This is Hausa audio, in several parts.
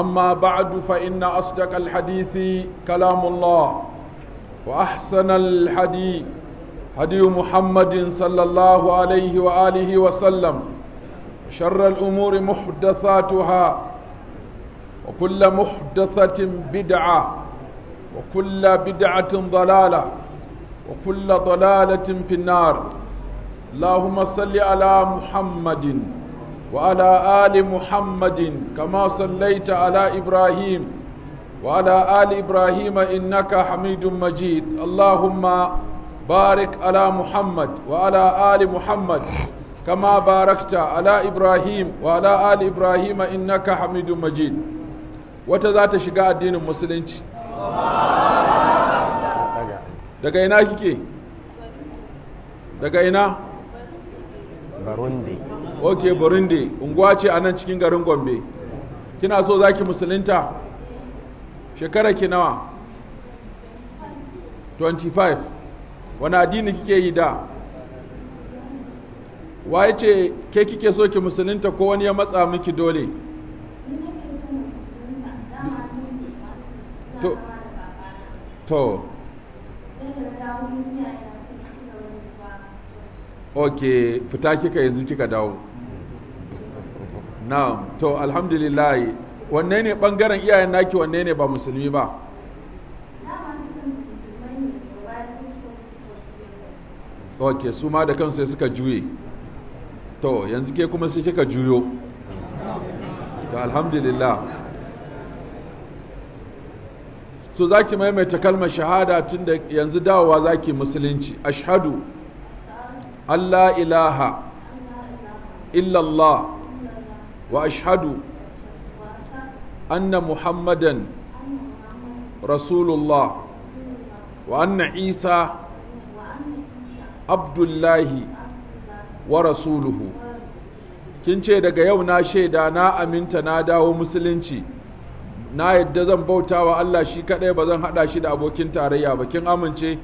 أما بعد فإن أصدق الحديث كلام الله وأحسن الحديث هدي محمد صلى الله عليه وآله وسلم شر الأمور محدثاتها وكل محدثة بدعة وكل بدعة ضلالة وكل ضلالة في النار اللهم صل على محمد وعلى آل محمد كما صليت على إبراهيم وعلى آل إبراهيم إنك حميد مجيد اللهم بارك على محمد وعلى آل محمد كما باركت على إبراهيم وعلى آل إبراهيم إنك حميد مجيد وتذات شقاء الدين المسلمين daga ina kike daga ina burundi ok burundi unguwa ce a nan cikin garin gombe kina so za ki musulunta shekara ki nawa 25 wani addini kike yi da waye ce ke kike so ki musulunta ko wani ya matsa miki dole to ok fita kika yanzu kika dawo na'am to alhamdulillah wanne ne bangaren iyayen naki wanne ne ba musulmi ba ok su ma da kansu suka juye to yanzu ke kuma sai kika juyo to alhamdulillah so za ki maimaita kalmar shahada tun da yanzu dawowa za ki musulunci ashadu Allah ilaha illallah wa ashadu anna muhammadan rasulullah wa anna isa abdullahi wa rasuluhu kin ce daga yau na shaida na aminta na dawo musulunci na yadda zan bauta wa Allah shi kaɗai ba zan haɗa shi da abokin tarayya ba kin amince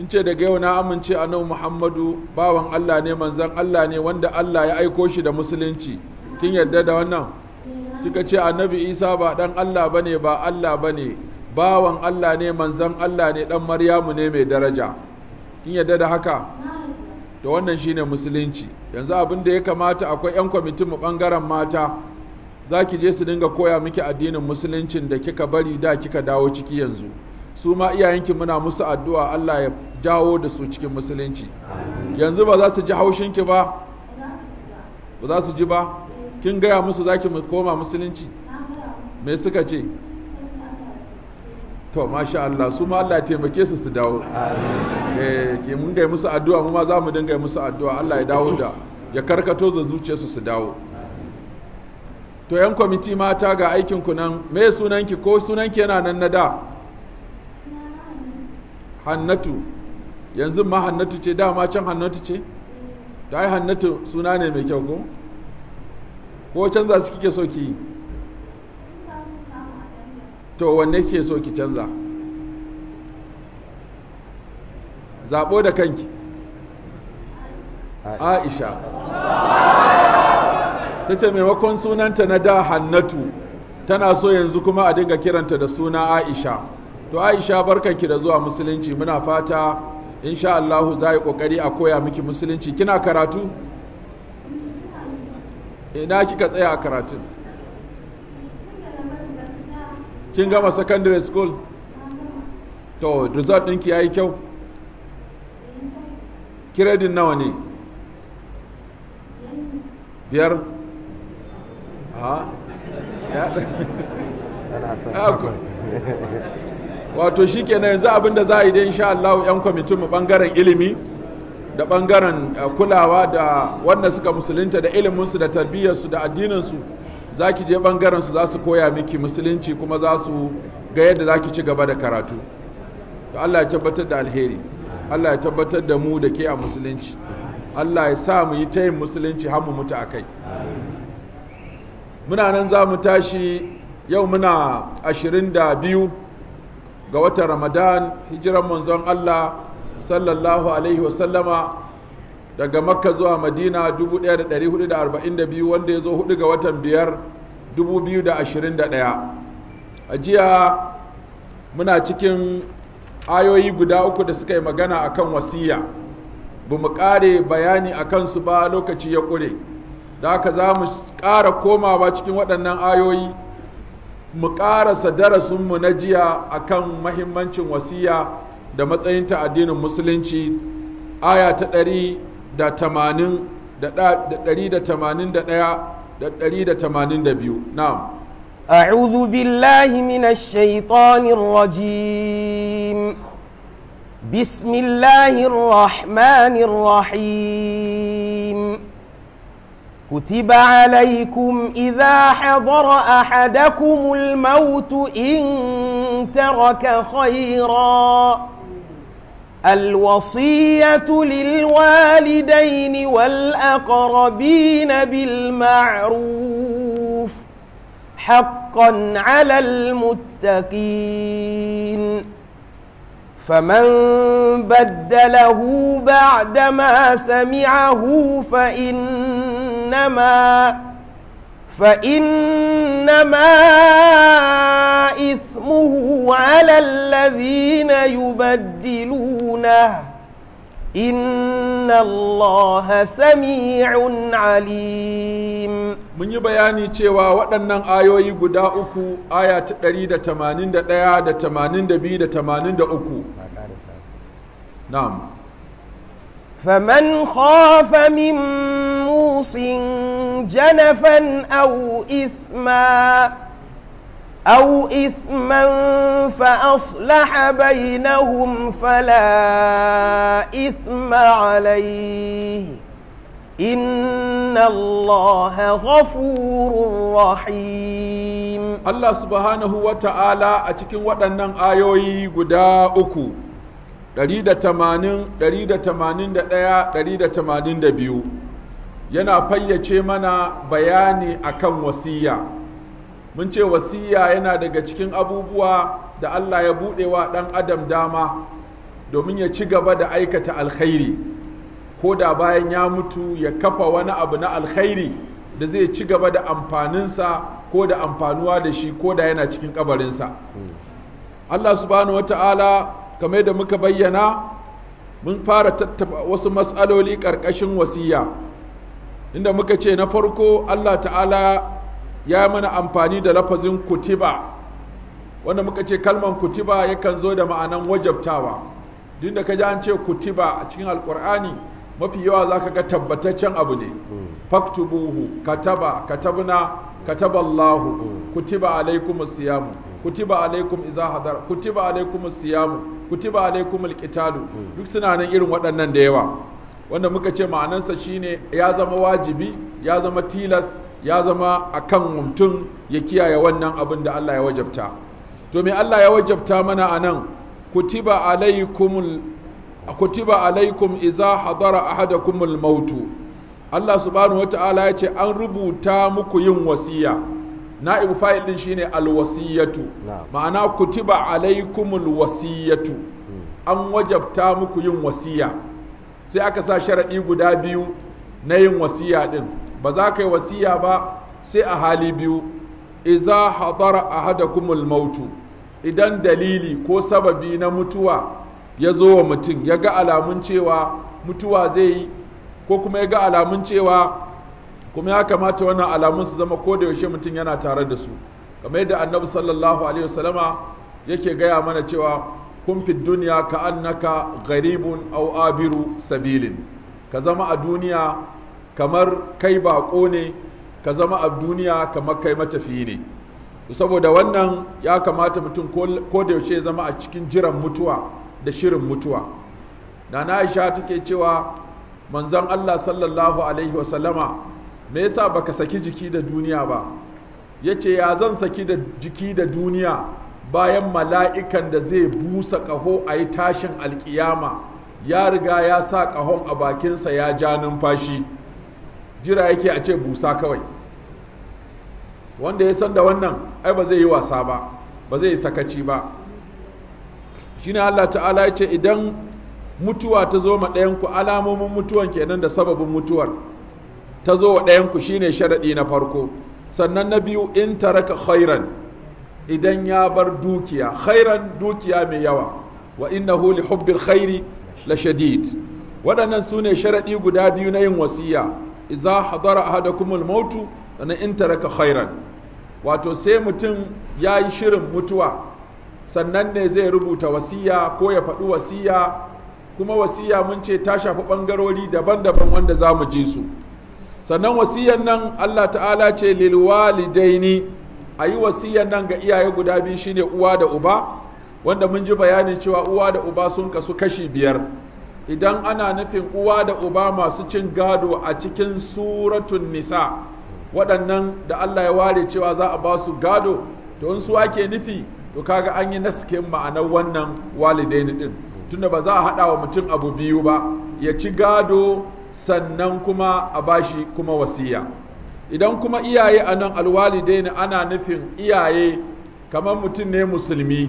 kin ce daga yau na amince a annabi Muhammadu bawan Allah ne manzan Allah ne wanda Allah ya aiko shi da musulunci kin yarda da wannan kika ce annabi Isa ba dan Allah bane ba Allah bane bawan Allah ne manzan Allah ne dan Maryamu ne mai daraja kin yarda da haka da wannan shine musulunci yanzu abin da ya kamata akwai yan kwamitin mu bangaren mata za ki je su dinga koya miki addinin musuluncin da kika bari da kika dawo ciki yanzu su ma iyayenki muna musu addu'a Allah ya jawo da su cikin musulunci yanzu ba za su ji haushinki ba ba za su ji ba kin gaya musu za ki koma musulunci me suka ce to masha Allah su ma Allah ya taimake su su dawo eh ke mun gaya musu addu'a mu ma za mu dinga musu addu'a Allah ya dawo da ya karkato da zuciyarsu su dawo to yan kwamiti mata ga aikinku nan me sunanki ko sunanki yana nan na da hannatu yanzu ma hannatu ce dama can hannatu ce ta yi hannatu suna ne mai kyau ko ko canza su kike so ki to wanne ke so ki canza zaɓo da kanki aisha ta ce maimakon sunanta na da hannatu tana so yanzu kuma a dinga kiranta da suna aisha to aisha barkan ki da zuwa musulunci muna fata insha Allah za yi kokari a koya miki musulunci kina karatu ina kika tsaya a karatun kin gama secondary school to result ɗinki yayi kyau kiredin nawa ne biyar ha ya wato shi kenan yanzu abin da za a yi da insha Allah yan kwamitin mu bangaren ilimi da bangaren eh, kulawa da wanda suka musulunta da iliminsu da tarbiyyar su da addinin su zaki je bangaren su za su koya miki musulunci kuma za su ga yadda zaki ci gaba da karatu to Allah ya tabbatar da alheri Allah ya tabbatar da mu da ke a musulunci Allah ya sa mu yi ta yin musulunci har mu mutu akai. muna nan za mu tashi yau muna ashirin da biyu ga watan ramadan hijiran manzon allah sallallahu alaihi wasallama daga makka zuwa madina 1442 wanda ya zo hudu ga watan biyar 2021 a jiya muna cikin ayoyi guda uku da suka yi magana akan wasiya ba mu kare bayani a kansu ba lokaci ya kure da aka za mu kara komawa cikin waɗannan ayoyi mu ƙarasa darasinmu na jiya akan mahimmancin wasiya da matsayinta addinin musulunci aya ta ɗari da tamanin da ɗari da tamanin da ɗaya da ɗari da tamanin da biyu na'am أعوذ بالله من الشيطان الرجيم بسم الله الرحمن الرحيم كتب عليكم إذا حضر أحدكم الموت إن ترك خيرا الوصية للوالدين والأقربين بالمعروف حقا على المتقين فمن بدله بعدما سمعه فإن فإنما فإنما إثمه على الذين يبدلونه إن الله سميع عليم mun yi bayani cewa waɗannan ayoyi guda uku aya ta ɗari da tamanin da ɗaya da tamanin da biyu da tamanin da uku فمن خاف من موص جنفا أو إثما أو إثما فأصلح بينهم فلا إثم عليه إن الله غفور رحيم الله سبحانه وتعالى أتكين ودنن آيوي قداء أكو 181 yana fayyace mana bayani akan wasiya mun ce wasiya yana daga cikin abubuwa da Allah ya buɗe wa ɗan adam dama domin ya ci gaba da aikata alkhairi ko da bayan ya mutu ya kafa wani abu na alkhairi da zai ci gaba da amfaninsa ko da amfanuwa da shi ko da yana cikin kabarinsa hmm. Allah subhanahu wa ta'ala kamar da muka bayyana mun fara tattaba wasu matsaloli ƙarƙashin wasiya inda muka ce na farko allah ta'ala ya mana amfani da lafazin kutiba wanda muka ce kalman kutiba yakan zo da ma'anan wajabtawa duk da ka ji an ce kutiba a cikin alkur'ani mafi yawa za ka ga tabbataccen abu ne hmm. faktubuhu kataba katabna kataballahu kutiba alaikum siyamu kutiba alaikum iza hadar kutiba alaikum siyamu kutiba alaikum alqitalu duk suna nan irin waɗannan da yawa wanda muka ce ma'anansa shine ya zama wajibi ya zama tilas ya zama akan mutum ya kiyaye wannan abin da Allah ya wajabta to me Allah ya wajabta mana anan kutiba alaikum kutiba alaikum iza hadara ahadakumul mautu Allah subhanahu wata'ala ya ce an rubuta muku yin wasiya na'ibu fa'il din shine alwasiyatu ma'ana kutiba alaikumul wasiyatu hmm. an wajabta muku yin wasiya sai aka sa sharaɗi guda biyu na yin wasiya din ba za ka yi wasiya ba sai a hali biyu iza hadara ahadakumul mautu idan dalili ko sababi na mutuwa ya zo wa mutum ya ga alamun cewa mutuwa zai yi ko kuma ya ga alamun cewa kuma ya kamata wannan alamun su zama ko da yaushe mutum yana tare da su kamar yadda annabi sallallahu alaihi wasallama yake gaya mana cewa kun fi duniya ka annaka gharibun au abiru sabilin ka zama a duniya kamar kai bako ne ka zama a duniya kamar kai matafiyi ne saboda wannan ya kamata mutum ko da yaushe zama a cikin jiran mutuwa da shirin mutuwa na na aisha take cewa manzon Allah sallallahu alaihi wasallama me yasa baka saki jiki da duniya ba Ya ce ya zan saki da jiki da duniya bayan mala'ikan da zai busa ƙaho a yi tashin alƙiyama ya riga ya sa ƙahon a bakinsa ya ja numfashi jira yake a ce busa kawai wanda ya san da wannan ai ba zai yi wasa ba ba zai yi sakaci ba ne Allah ta'ala ya ce idan mutuwa ta zo ma ɗayanku alamomin mutuwan kenan da sababin mutuwar ta zo wa ɗayanku shine sharaɗi na farko sannan na biyu in taraka khairan idan ya bar dukiya khairan dukiya mai yawa wa inna li hubbil khairi la shadid waɗannan su ne sharaɗi guda biyu na yin wasiya idza hadara kuma mautu sannan in taraka khairan wato sai mutum ya yi shirin mutuwa sannan ne zai rubuta wasiya ko ya faɗi wasiya kuma wasiya mun ce ta shafi ɓangarori daban-daban wanda za mu ji su sannan wasiyan nan allah ta'ala ce lilwalidaini a yi wasiyan nan ga iyaye guda biyu shine uwa da uba wanda mun ji bayanin cewa uwa da uba sun kasu kashi biyar idan ana nufin uwa da uba masu cin gado a cikin suratun nisa waɗannan da allah ya ware cewa za a ba su gado to in su ake nufi to kaga an yi naskin ma'anar wannan walidaini din tunda ba za a haɗa wa mutum abu biyu ba ya ci gado sannan kuma a bashi kuma wasiya idan kuma iyaye a nan alwalidaini ana nufin iyaye kamar mutum ne musulmi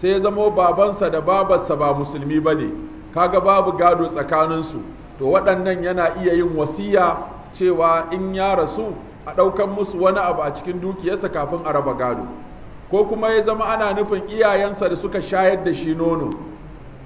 sai ya zamo babansa da babarsa ba musulmi ba ne kaga babu gado tsakaninsu to waɗannan yana iya yin wasiya cewa in ya rasu a ɗaukan musu wani abu a cikin dukiyarsa kafin a raba gado ko kuma ya zama ana nufin iyayensa da suka shayar da shi nono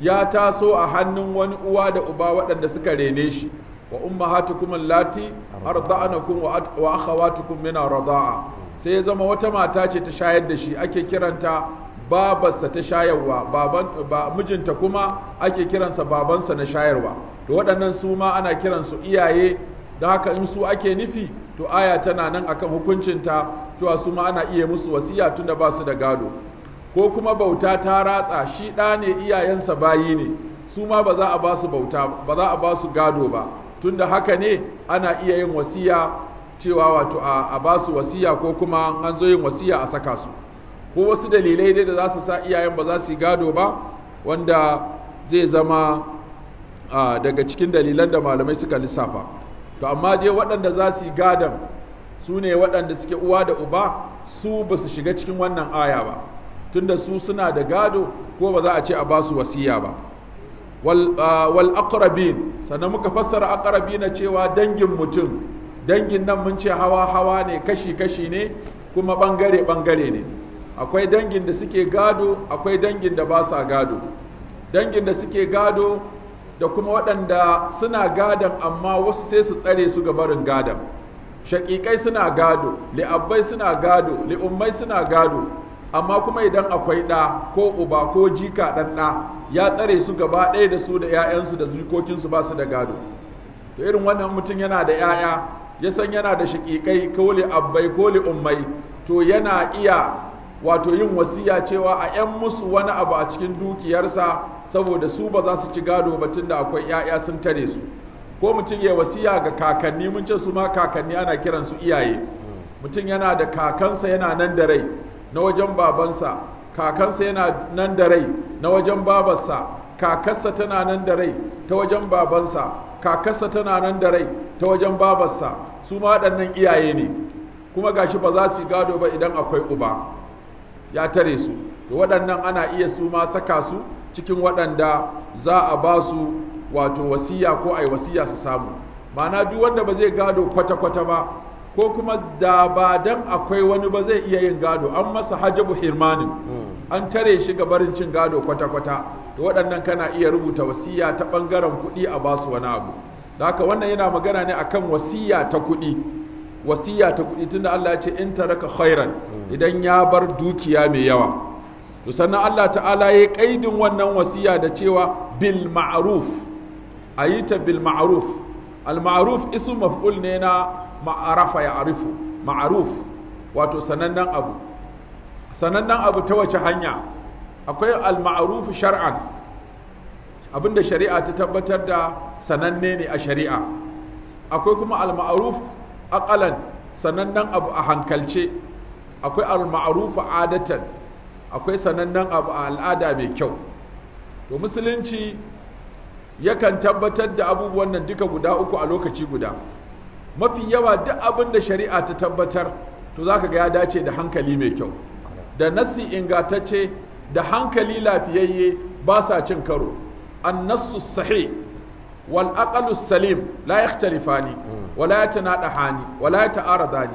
ya taso a hannun wani uwa da uba waɗanda suka rene shi wa ummahatukum allati arda'anakum wa akhawatukum min arda'a sai ya zama wata mata ce ta shayar da shi ake kiranta babarsa ta shayarwa mijinta kuma ake kiransa babansa na shayarwa to waɗannan su ma ana kiransu iyaye da haka in su ake nufi to aya tana nan akan hukuncinta to su ma ana iya musu wasiya tunda ba su da gado ko kuma bauta ta ratsa shi ɗa ne iyayensa bayi ne su ma ba za a ba su bauta ba za a ba gado ba tunda haka ne ana iya yin wasiya cewa wato a ba su wasiya ko kuma an zo yin wasiya a saka su ko wasu dalilai dai da za su sa iyayen ba za su yi gado ba wanda zai zama daga cikin dalilan da malamai suka lissafa to amma dai waɗanda za su yi gadon su ne waɗanda suke uwa da uba su ba su shiga cikin wannan aya ba tunda su suna da gado ko ba za a ce a ba su wasiya ba wal aqrabin sannan muka fassara na cewa dangin mutum dangin nan mun ce hawa hawa ne kashi kashi ne kuma bangare bangare ne akwai dangin da suke gado akwai dangin da ba sa gado dangin da suke gado da kuma waɗanda suna gadon amma wasu sai su tsare su ga barin gadon shaƙiƙai suna gado li'abbai suna gado li'ummai suna gado amma kuma idan akwai ɗa ko uba ko jika ɗan ɗa ya tsare su gaba ɗaya da su da 'ya'yansu da jikokinsu ba su da gado to irin wannan mutum yana da 'ya'ya ya san yana da shaƙiƙai ko li abbai ko li ummai to yana iya wato yin wasiya cewa a 'yan musu wani abu a cikin dukiyarsa saboda su ba za su ci gado ba tunda akwai 'ya'ya sun tare su ko mutum ya wasiya ga kakanni mun ce su ma kakanni ana kiran su iyaye mutum yana da kakansa yana nan da rai na wajen babansa kakansa yana nan da rai na wajen babarsa kakarsa tana nan da rai ta wajen babansa kakarsa tana nan da rai ta wajen babarsa su ma waɗannan iyaye ne kuma gashi ba za su gado ba idan akwai uba ya tare su to waɗannan ana iya su ma saka su cikin waɗanda za a ba su wato wasiya ko ai wasiya su samu ma'ana duk wanda ba zai gado kwata-kwata ba ko kuma da ba dan akwai wani ba zai iya yin gado an masa hajabu hirmanin hmm. an tare shi ga barin cin gado kwata-kwata To waɗannan kana iya rubuta wasiya ta ɓangaren kuɗi a basu wani abu da haka wannan yana magana ne a kan wasiya ta kuɗi wasiya ta kuɗi tunda Allah ya ce in taraka khairan hmm. idan ya bar dukiya mai yawa to sannan Allah ta'ala ya kaidin wannan wasiya da cewa bil ma'ruf ayita bil ma'ruf al ma'ruf ismu maf'ul ne na ma'arafa ya arifu ma'aruf wato sanannen abu sanannen abu ta wace hanya akwai al-ma'aruf shar'an abinda shari'a ta tabbatar da sananne ne a shari'a akwai kuma al-ma'aruf aqalan sanannen abu a hankalce akwai al-ma'aruf adatan akwai sanannen abu a al'ada mai kyau to musulunci yakan tabbatar da abubuwan nan duka guda uku a lokaci guda mafi yawa duk abin da shari'a ta tabbatar to za ka ga ya dace da hankali mai kyau da nassi ingantacce da hankali lafiyayye ba sa cin karo an nassu sahi wal aqalu salim la yakhtalifani wa la yatanadahani wa la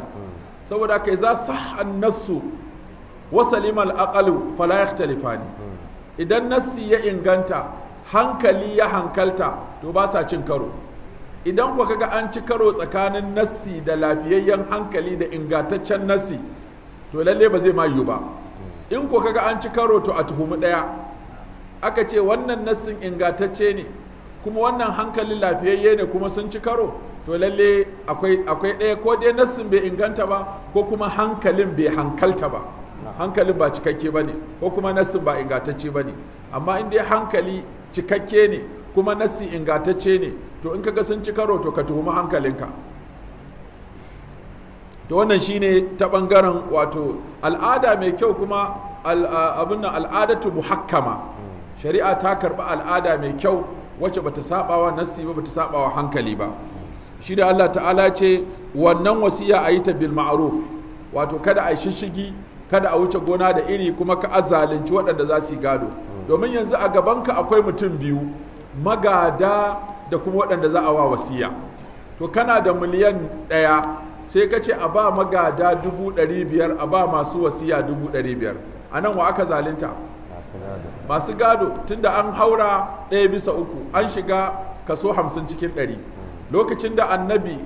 saboda kai za sah an nassu wa salim al aqalu fa la yakhtalifani idan nassi ya inganta hankali ya hankalta to ba sa cin karo idan kuwa kaga an ci karo tsakanin nassi da lafiyayyen hankali da ingataccen nassi to lalle ba zai ma yiwu ba in kuwa kaga an ci karo to a tuhumi ɗaya aka ce wannan nassin ingantacce ne kuma wannan hankalin lafiyayye ne kuma sun ci karo to lalle akwai akwai ɗaya ko dai nassin bai inganta ba ko kuma hankalin bai hankalta ba hankalin ba cikakke ba ne ko kuma nassin ba ingantacce ba ne amma in dai hankali cikakke ne kuma nassi ingantacce ne to in kaga sun ci karo to ka tuhumi hankalinka to wannan shine ta bangaren wato al'ada mai kyau kuma abin nan al'adatu muhakkama shari'a ta karba al'ada mai kyau wacce bata sabawa nassi ba bata sabawa hankali ba shi da Allah ta'ala ce wannan wasiya a yi ta bil ma'ruf wato kada a shishigi kada a wuce gona da iri kuma ka azalunci waɗanda za su yi gado domin yanzu a gabanka akwai mutum biyu magada da kuma waɗanda za a wa wasiya to kana da miliyan ɗaya sai ka ce a ba magada dubu ɗari biyar a ba masu wasiya dubu ɗari biyar a nan wa aka zalinta masu gado tun da an haura ɗaya bisa uku an shiga kaso hamsin cikin ɗari lokacin da annabi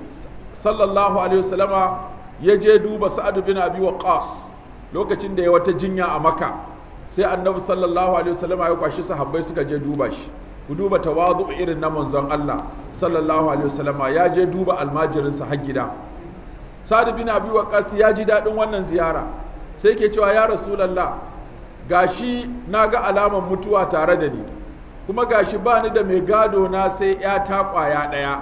sallallahu alaihi wasallama ya je duba sa'adu bin abi waqas lokacin da ya wata jinya a maka sai annabi sallallahu alaihi wasallama ya kwashi sahabbai suka je duba shi ku duba tawazu irin na manzon Allah sallallahu alaihi wasallama ya je duba almajirinsa har gida Sa'ad bin Abi Waqqas ya ji dadin wannan ziyara sai ke cewa ya Rasulullah gashi na ga alaman mutuwa tare da ni kuma gashi bani da mai gado na sai ya ta kwaya ɗaya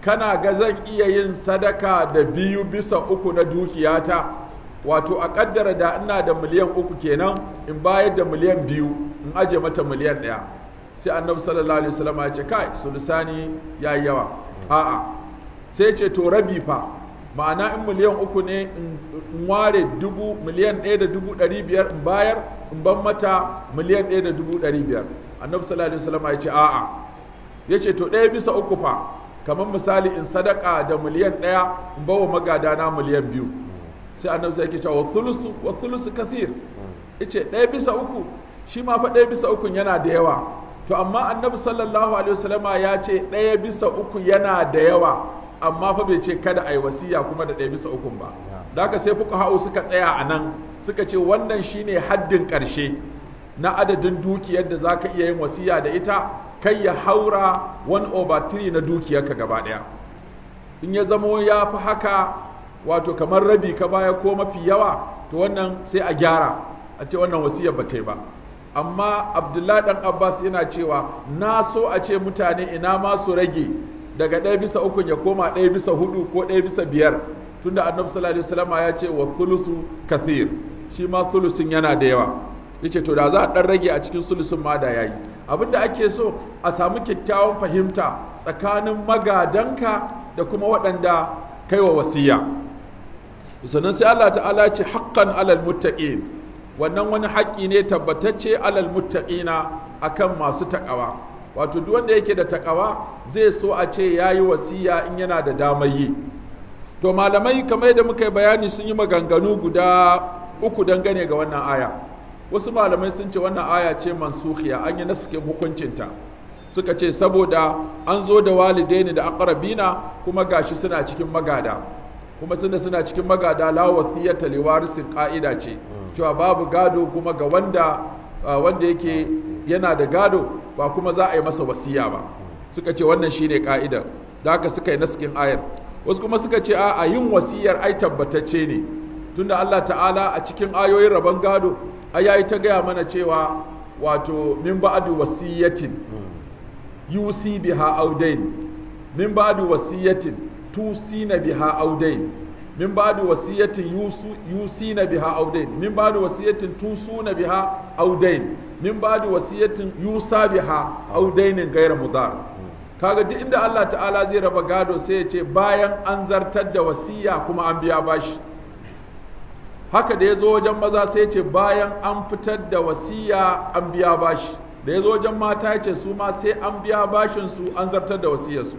kana ga zan iya yin sadaka da biyu bisa uku na dukiyata wato a kaddara da ina da miliyan uku kenan in bayar da miliyan biyu in aje mata miliyan ɗaya sai annabi sallallahu alaihi wasallam ya ce kai su ya yi yawa a'a sai ce to rabi fa ma'ana in miliyan uku ne in ware dubu miliyan ɗaya da dubu ɗari biyar in bayar in ban mata miliyan ɗaya da dubu ɗari biyar annabi sallallahu alaihi wasallam ya ce a'a ya ce to ɗaya bisa uku fa kamar misali in sadaka da miliyan ɗaya in bawa magadana miliyan biyu sai annabi sai yake ce wa thulusu wa thulusu kathir ce ɗaya bisa uku shi ma fa ɗaya bisa ukun yana da yawa to amma annabi sallallahu alaihi wasallama ya ce ɗaya bisa uku yana da yawa amma fa bai ce kada a yi wasiya kuma da ɗaya bisa uku ba daga sai fuka ha'u suka tsaya a nan suka ce wannan shine haddin ƙarshe na adadin dukiyar da za ka iya yin wasiya da ita kai ya haura 1 over 3 na dukiyarka gaba ɗaya in ya zamo ya fi haka wato kamar rabi ka baya ko mafi yawa to wannan sai a gyara a ce wannan wasiyar ba ta yi ba amma abdullahi dan abbas yana cewa na so a ce mutane ina ma su rage daga ɗaya bisa uku ya koma ɗaya bisa hudu ko ɗaya bisa biyar tunda annabi sallallahu alaihi wasallam ya ce wa thulusu kathir shi ma thulusin yana da yawa yace to da za a dan rage a cikin sulusun ma da yayi abin da ake so a samu kyakkyawan fahimta tsakanin magadanka da kuma waɗanda kai wa wasiya sannan sai Allah ta'ala ce haqqan alal muttaqin wannan wani haƙƙi ne tabbatacce alal muttaqina akan masu taƙawa wato duk wanda yake da takawa zai so a ce yayi wasiya in yana da damar yi to malamai kamar yadda muka yi bayani sun yi maganganu guda uku dangane ga wannan aya wasu malamai sun ce wannan aya ce mansukhiya an yi nasikin hukuncinta suka ce saboda an zo da walidai walidaini da aqrabina kuma gashi suna cikin magada kuma tunda suna cikin magada la wasiyata li ka'ida ce cewa babu gado kuma ga wanda wanda yake yana da gado ba kuma za a yi masa wasiya ba suka ce wannan shine ka'idar da haka suka yi naskin ayar wasu kuma suka ce a yin wasiyar ai tabbatacce ne tunda Allah ta'ala a cikin ayoyin rabon gado ayayi yayi ta gaya mana cewa wato min ba'du wasiyatin hmm. yusi biha audain min ba'du wasiyatin tusina biha audain min ba'di wasiyatin yusu yusina biha audain min ba'di wasiyatin tusuna biha audain min ba'di wasiyatin yusa biha audainin ghayra mudar kaga duk inda Allah ta'ala zai raba gado sai ya ce bayan an zartar da wasiya kuma an biya bashi haka da ya zo wajen maza sai ya ce bayan an fitar da wasiya an biya bashi da ya zo wajen mata ya ce su ma sai an biya bashin su an zartar da wasiyarsu su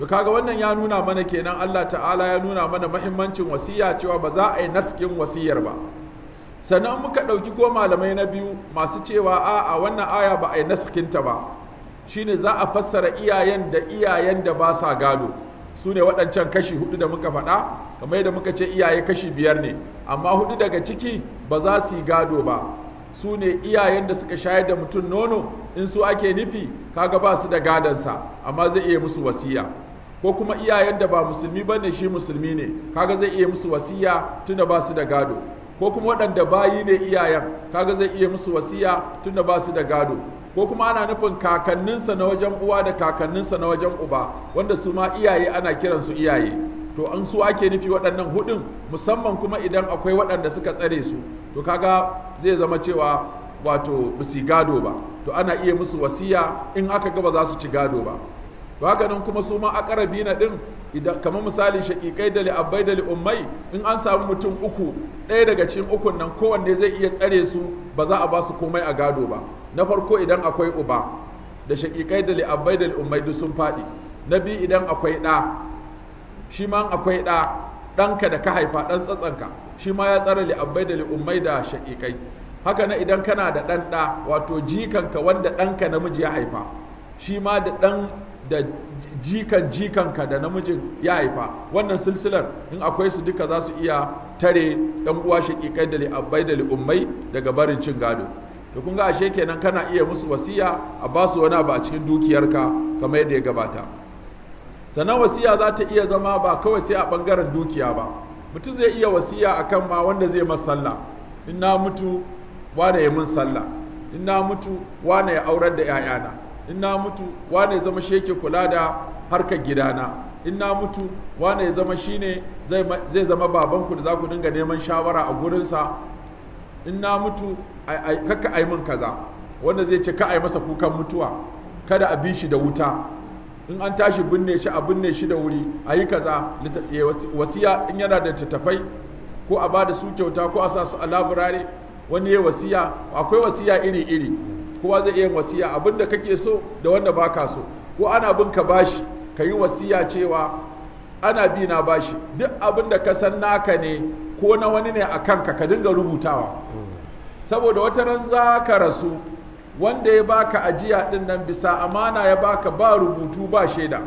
to kaga wannan ya nuna mana kenan Allah ta'ala ya nuna mana mahimmancin wasiya cewa ba za a yi naskin wasiyar ba sannan muka ɗauki ko malamai na biyu masu cewa a a wannan aya ba a yi naskinta ba shine za a fassara iyayen da iyayen da ba sa gado su ne waɗancan kashi hudu da muka faɗa kamar yadda muka ce iyaye kashi biyar ne amma hudu daga ciki ba za su yi gado ba su ne iyayen da suka shayar da mutum nono in su ake nufi kaga ba su da gadonsa amma zai iya musu wasiya ko kuma iyayen da ba musulmi ba ne shi musulmi ne kaga zai iya musu wasiya tunda ba su da gado ko kuma waɗanda bayi ne iyayen kaga zai iya musu wasiya tunda ba su da gado ko kuma ana nufin kakanninsa na wajen uwa da kakanninsa na wajen uba wanda su ma iyaye ana kiran su iyaye to an su ake nufi waɗannan hudun musamman kuma idan akwai waɗanda suka tsare su to kaga zai zama cewa wato bisi gado ba to ana iya musu wasiya in aka gaba za su ci gado ba haka nan kuma su ma akarabina din idan kamar misali shakikai da li'abbai da li'ummai in an samu mutum uku ɗaya daga cikin ukun nan kowanne zai iya tsare su ba za a ba su komai a gado ba na farko idan akwai uba da shakikai da li'abbai da li'ummai duk sun faɗi na biyu idan akwai ɗa shi ma akwai ɗa ɗanka da ka haifa ɗan tsatsanka shi ma ya tsare li'abbai da li'ummai da shakikai haka na idan kana da ɗan ɗa wato jikanka wanda ɗanka namiji ya haifa shi ma da ɗan da jikan jikan ka da namijin ya haifa wannan silsilar in akwai su duka za su iya tare yan uwa shaƙiƙai da li'abbai da ummai daga barin cin gado da kun ga ashe kenan kana iya musu wasiya a ba su wani abu a cikin dukiyarka kamar yadda ya gabata sannan wasiya za ta iya zama ba kawai sai a bangaren dukiya ba mutum zai iya wasiya akan ma wanda zai masa sallah in na mutu wane ya mun sallah in na mutu wane ya aurar da 'ya'yana in na mutu wane ya zama shi yake kula da harkar gidana in na mutu wane ya zama shi ne zai zama babanku da za ku dinga neman shawara a gurinsa in na mutu kakka a min kaza wanda zai ce ka ai masa kukan mutuwa kada a bi shi da wuta in an tashi binne shi a binne shi da wuri a yi kaza eh, wasiya in yana da tattafai ko a ba da su kyauta ko a sa su a laburare wani ya wasiya akwai wasiya iri-iri kowa zai iya wasiya abin da kake so da wanda baka so ko ana bin ka bashi ka yi wasiya cewa ana bi na bashi duk abin da ka san naka ne ko na wani ne a kanka ka dinga rubutawa saboda wata ran za ka rasu wanda ya baka ajiya din nan bisa amana ya baka ba rubutu ba shaida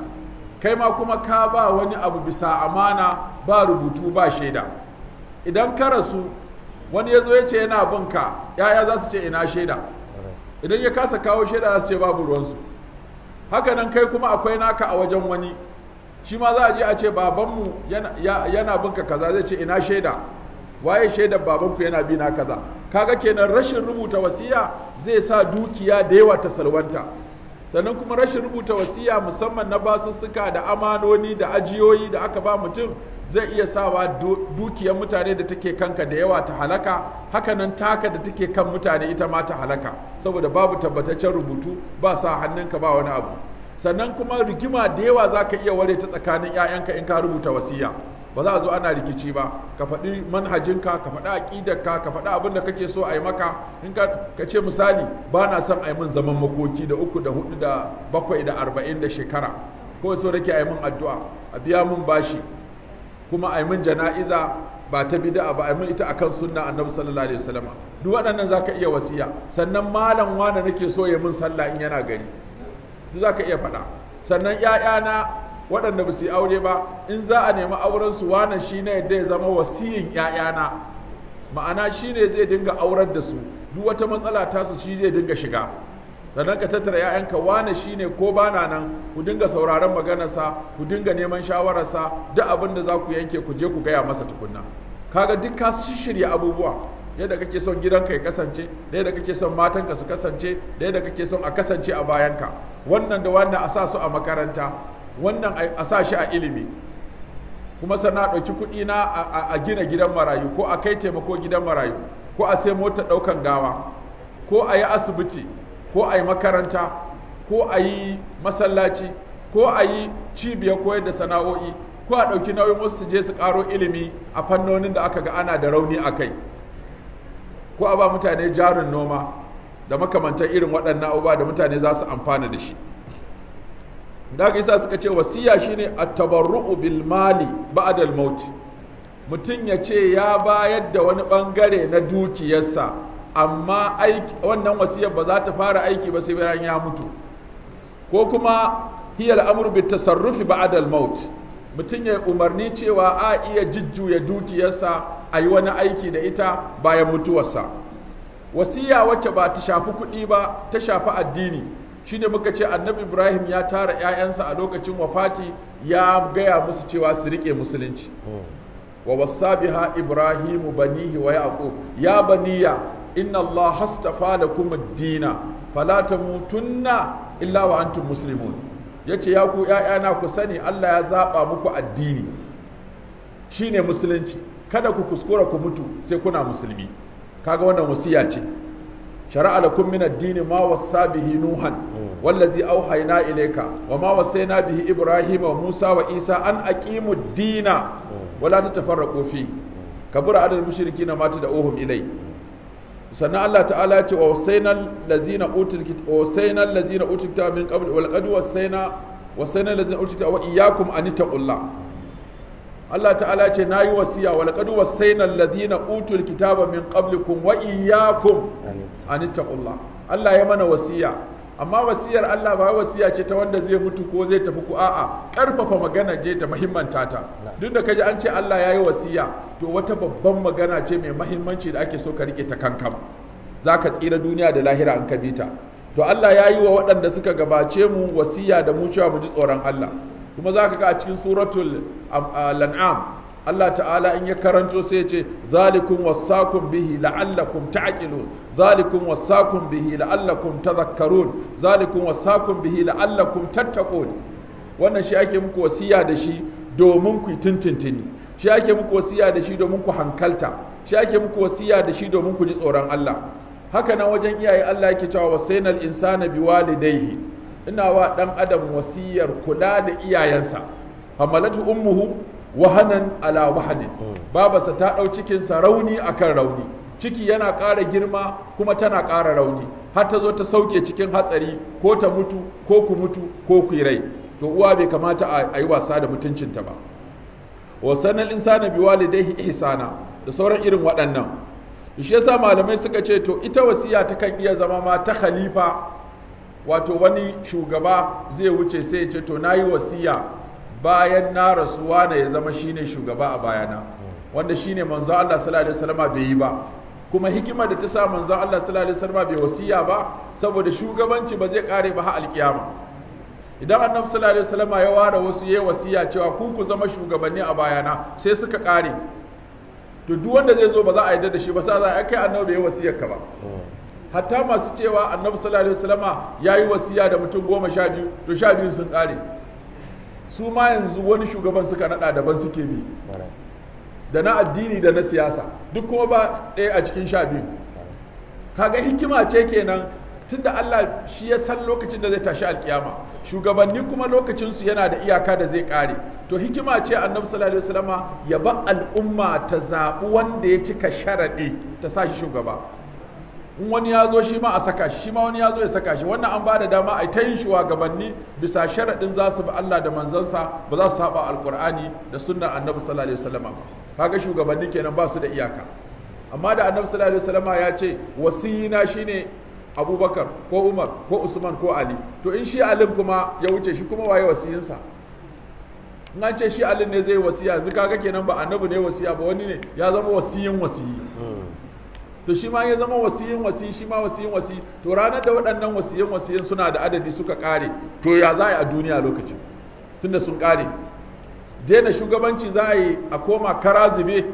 kai ma kuma ka ba wani abu bisa amana ba rubutu ba shaida idan ka rasu wani ya zo ya ce yana ka, yaya za su ce ina shaida idan ya kasa kawo shaida za su ce babu ruwansu haka nan kai kuma akwai naka a wajen wani shi ma za a je a ce babanmu yana binka kaza zai ce ina shaida waye shaidar babanku yana bi na kaza kaga kenan rashin rubuta wasiya zai sa dukiya da yawa ta salwanta sannan kuma rashin rubuta wasiya musamman na basussuka da amanoni da ajiyoyi da aka ba mutum zai iya sawa dukiyar mutane da take kanka da yawa ta halaka hakanan taka da take kan mutane ita ma ta halaka saboda babu tabbataccen rubutu ba sa hannunka ba wani abu sannan kuma rigima da yawa za ka iya ware ta tsakanin 'ya'yanka in ka rubuta wasiya ba za a zo ana rikici ba ka faɗi manhajinka ka faɗi aƙidarka ka faɗi abin da kake so a yi maka in ka ce misali ba na son a yi min zaman makoki da uku da hudu da bakwai da arba'in da shekara kawai so nake a yi min addu'a a biya min bashi kuma a mun jana'iza ba ta bid'a ba a mun ita akan sunna annabi sallallahu alaihi wasallam duk waɗannan zaka iya wasiya sannan malam wanda nake so ya min sallah in yana gani. duk zaka iya faɗa sannan ƴaƴana waɗanda ba su yi aure ba in za a nemi auren su wannan shine yadda ya zama wasiyin ƴaƴana ma'ana shine zai dinga aurar da su duk wata matsala ta su shi zai dinga shiga sannan ka tattara 'ya'yanka wane shine ko bana nan ku dinga sauraron maganarsa ku dinga neman shawararsa duk abin da za ku yanke ku je ku gaya masa tukunna kaga duk ka shirya abubuwa yadda kake son gidanka ya kasance da yadda kake son matanka su kasance da yadda kake son a kasance a bayanka wannan da wannan a sa su a makaranta wannan a sa shi a ilimi kuma sannan ɗauki kuɗi na a gina gidan marayu ko a kai taimako gidan marayu ko a sai mota ɗaukan gawa ko a yi asibiti ko a yi makaranta ko a yi masallaci ko a yi cibiyar koyar da sana'o'i ko a ɗauki nauyin wasu su je su ƙaro ilimi a fannonin da aka ga ana da rauni a kai ko a ba mutane jarin noma da makamantar irin waɗannan abubuwa da mutane za su amfana da shi da haka yasa suka ce wasiya shine a tabarruu bil mali ba'adal mauti mutum ya ce ya bayar da wani ɓangare na dukiyarsa amma wannan wasiyar ba za ta fara aiki ba sai bayan ya mutu ko kuma hiyar amur bi tasarrufi ba adal maut mutum ya umarni cewa a iya jujjuya dukiyarsa a yi wani aiki da ita bayan mutuwarsa wasiya wacce ba ta shafi kuɗi ba ta shafi addini shine muka ce annabi ibrahim ya tara 'ya'yansa a lokacin wafati ya gaya musu cewa su riƙe musulunci hmm. wa wasa biha ibrahimu banihi wa yaqub ya baniya inna Allah hastafa da kuma dina fala mutunna illa wa antum muslimun ce ya ku ƴaƴana ku sani Allah ya zaɓa muku addini shine musulunci kada ku kuskura ku mutu sai kuna musulmi kaga wannan wasiya ce shara'a lakum min ad-dini ma wassa bihi nuhan wallazi auhayna ilayka wa ma wasaina bihi ibrahima wa musa wa isa an aqimu ad-dina wala tatafarraqu fi kabura adal mushrikina mata da uhum ilai sannan Allah ta'ala ya ce wa wasainal lazina utul kitaba wasainal lazina utul kitaba min qabl wal qad wasaina wasainal lazina utul kitaba wa iyyakum an taqullah Allah ta'ala ce nayi wasiya wa laqad wasainal lazina utul kitaba min qablikum wa iyyakum an taqullah Allah ya mana wasiya amma wasiyar Allah ba wasiya ce ta wanda zai mutu ko zai tafi ko a'a karfafa magana je ta muhimmanta ta duk da kaji an ce Allah ya yi wasiya to wata babban magana ce mai muhimmanci da ake so ka rike ta kankam zaka tsira duniya da lahira an ka bita to Allah ya yi wa waɗanda suka gabace mu wasiya da mu cewa mu ji tsoron Allah kuma zaka ga a cikin suratul lan'am Allah ta'ala in ya karanto sai ya ce zalikum wasakum bihi la'allakum ta'qilun zalikum wasakum bihi la'allakum tadhakkarun zalikum wasakum bihi la'allakum tattaqun wannan shi ake muku wasiya da shi domin ku tintintini shi ake muku wasiya da shi domin ku hankalta shi ake muku wasiya da shi domin ku ji tsoron Allah haka nan wajen iyaye Allah yake cewa wasainal insana biwalidayhi ina wa dan adam wasiyar kula da iyayensa hamalatu ummuhu wahanan ala wahanin hmm. sa ta ɗau sa rauni akan rauni ciki yana ƙara girma kuma tana ƙara rauni har ta zo ta sauke cikin hatsari ko ta mutu ko ku mutu ko ku rai to uwa bai kamata a yi wasa da mutuncinta ba wasannan insana bi walidaihi ihsana da sauran irin waɗannan shi yasa malamai suka ce to ita wasiya ta kan iya zama ma ta khalifa wato wani shugaba zai wuce sai ya ce to nayi wasiya bayan na rasuwa na ya zama shine shugaba a bayana wanda shine manzo Allah sallallahu alaihi wasallam bai yi ba kuma hikima da ta sa manzo Allah sallallahu alaihi wasallam bai wasiya ba saboda shugabanci ba zai kare ba har alkiyama idan annabi sallallahu alaihi wasallam ya ware wasu yayi wasiya cewa ku ku zama shugabanni a bayana sai suka kare to duk wanda zai zo ba za a yarda da shi ba sai za a kai annabi bai wasiyar ka ba hatta masu cewa annabi sallallahu alaihi wasallama yayi wasiya da mutum goma sha biyu to sha sun kare su ma yanzu wani shugaban suka nada daban suke bi da na addini da na siyasa duk kuma ba ɗaya a cikin sha biyu kaga hikima ce kenan tunda Allah shi ya san lokacin da zai tashi alkiyama shugabanni kuma lokacinsu yana da iyaka da zai kare to hikima ce annabi sallallahu alaihi wasallama ya ba al'umma ta zaɓi wanda ya cika sharaɗi ta sa shi shugaba in wani ya zo shi ma a saka shi shi ma wani ya zo ya saka shi wannan an ba da dama a ta yin shugabanni bisa sharaɗin za su bi Allah da manzansa ba za su saba alkur'ani da sunnar annabi sallallahu alaihi wasallam kaga shugabanni kenan ba su da iyaka amma da annabi sallallahu alaihi wasallam ya ce wasiyina shine abubakar ko umar ko usman ko ali to in shi alim kuma ya wuce shi kuma waye wasiyinsa in an ce shi alin ne zai wasiya yanzu kaga kenan ba annabi ne wasiya ba wani ne ya zama wasiyin wasiyi hmm. to shi ma ya zama wasiyin wasi shi ma wasiyin wasi to ranar da waɗannan wasiyin wasiyin suna da adadi suka ƙare to ya za a duniya lokacin tunda sun ƙare daina shugabanci za a yi a koma kara zube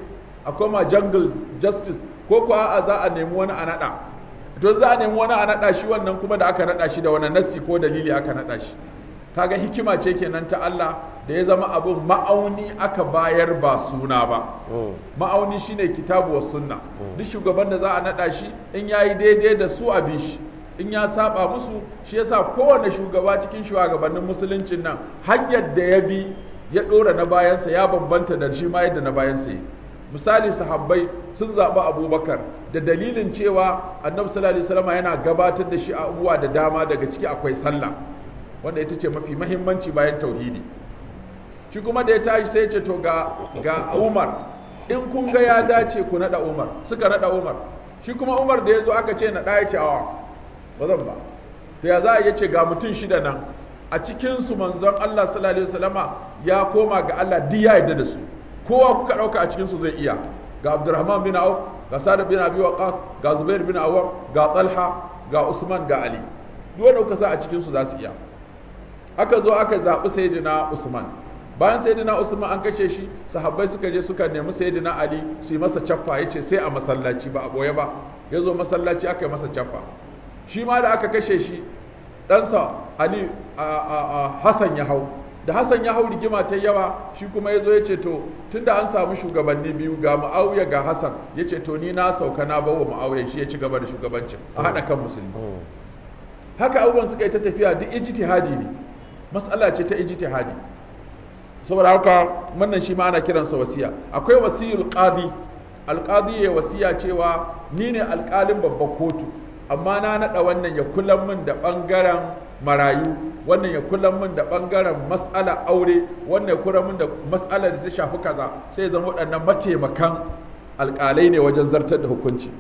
a koma jungles justice ko kuwa a za a nemi wani a naɗa to za a nemi wani a naɗa shi wannan kuma da aka naɗa shi da wani nassi ko dalili aka naɗa shi kaga hikima ce kenan ta Allah da ya zama abin ma'auni aka bayar ba suna ba hmm. ma'auni shine kitabu wa sunna hmm. duk shugaban da za a nada shi in ya yi daidai da su abin shi in ya saba musu shi yasa kowane shugaba cikin shugabannin musuluncin nan hanyar da ya bi ya dora na bayansa ya bambanta da shi ma yadda na bayansa yi misali sahabbai sun zaɓi abubakar da dalilin cewa annabi sallallahu alaihi yana gabatar da shi abubuwa da dama daga ciki akwai sallah wanda ita ce mafi mahimmanci bayan tauhidi shi kuma da ya tashi sai ce to ga ga Umar in kun ga ya dace ku nada Umar suka nada Umar shi kuma Umar da ya zo aka ce na ɗaya ce awa ba zan ba to ya za a iya ce ga mutum shida nan a cikin su manzon Allah sallallahu alaihi wasallama ya koma ga Allah di ya yarda da su kowa kuka ɗauka a cikin su zai iya ga Abdurrahman bin Auf ga Sa'd bin Abi Waqqas ga Zubair bin Awwam ga Talha ga Usman ga Ali duk wanda kuka sa a cikin su za su iya aka zo aka zaɓi sayyidina usman bayan sayyidina usman an kashe shi sahabbai suka je suka nemi sayyidina ali su yi masa caffa ya ce sai a masallaci ba a boye ba ya zo masallaci aka yi masa caffa shi ma da aka kashe shi ɗansa ali a hassan ya hau da hassan ya hau rigima ta yawa shi kuma ya zo ya ce to tun da an samu shugabanni biyu ga ma'auya ga hassan ya ce to ni na sauka na bawa ma'auya shi ya ci gaba da shugabancin a haɗa kan musulmi oh. haka abubuwan suka yi ta tafiya duk ijtihadi ne mas'ala ce ta ijtihadi saboda haka wannan shi ma ana kiransa wasiya akwai wasiyul qadi alqadi ya wasiya cewa ni ne alƙalin babban kotu amma na naɗa wannan ya kullan min da ɓangaren marayu wannan ya kullan min da ɓangaren mas'ala aure wannan ya kullan min da mas'ala da ta shafi kaza sai zama waɗannan mataimakan alƙalai ne wajen zartar da hukunci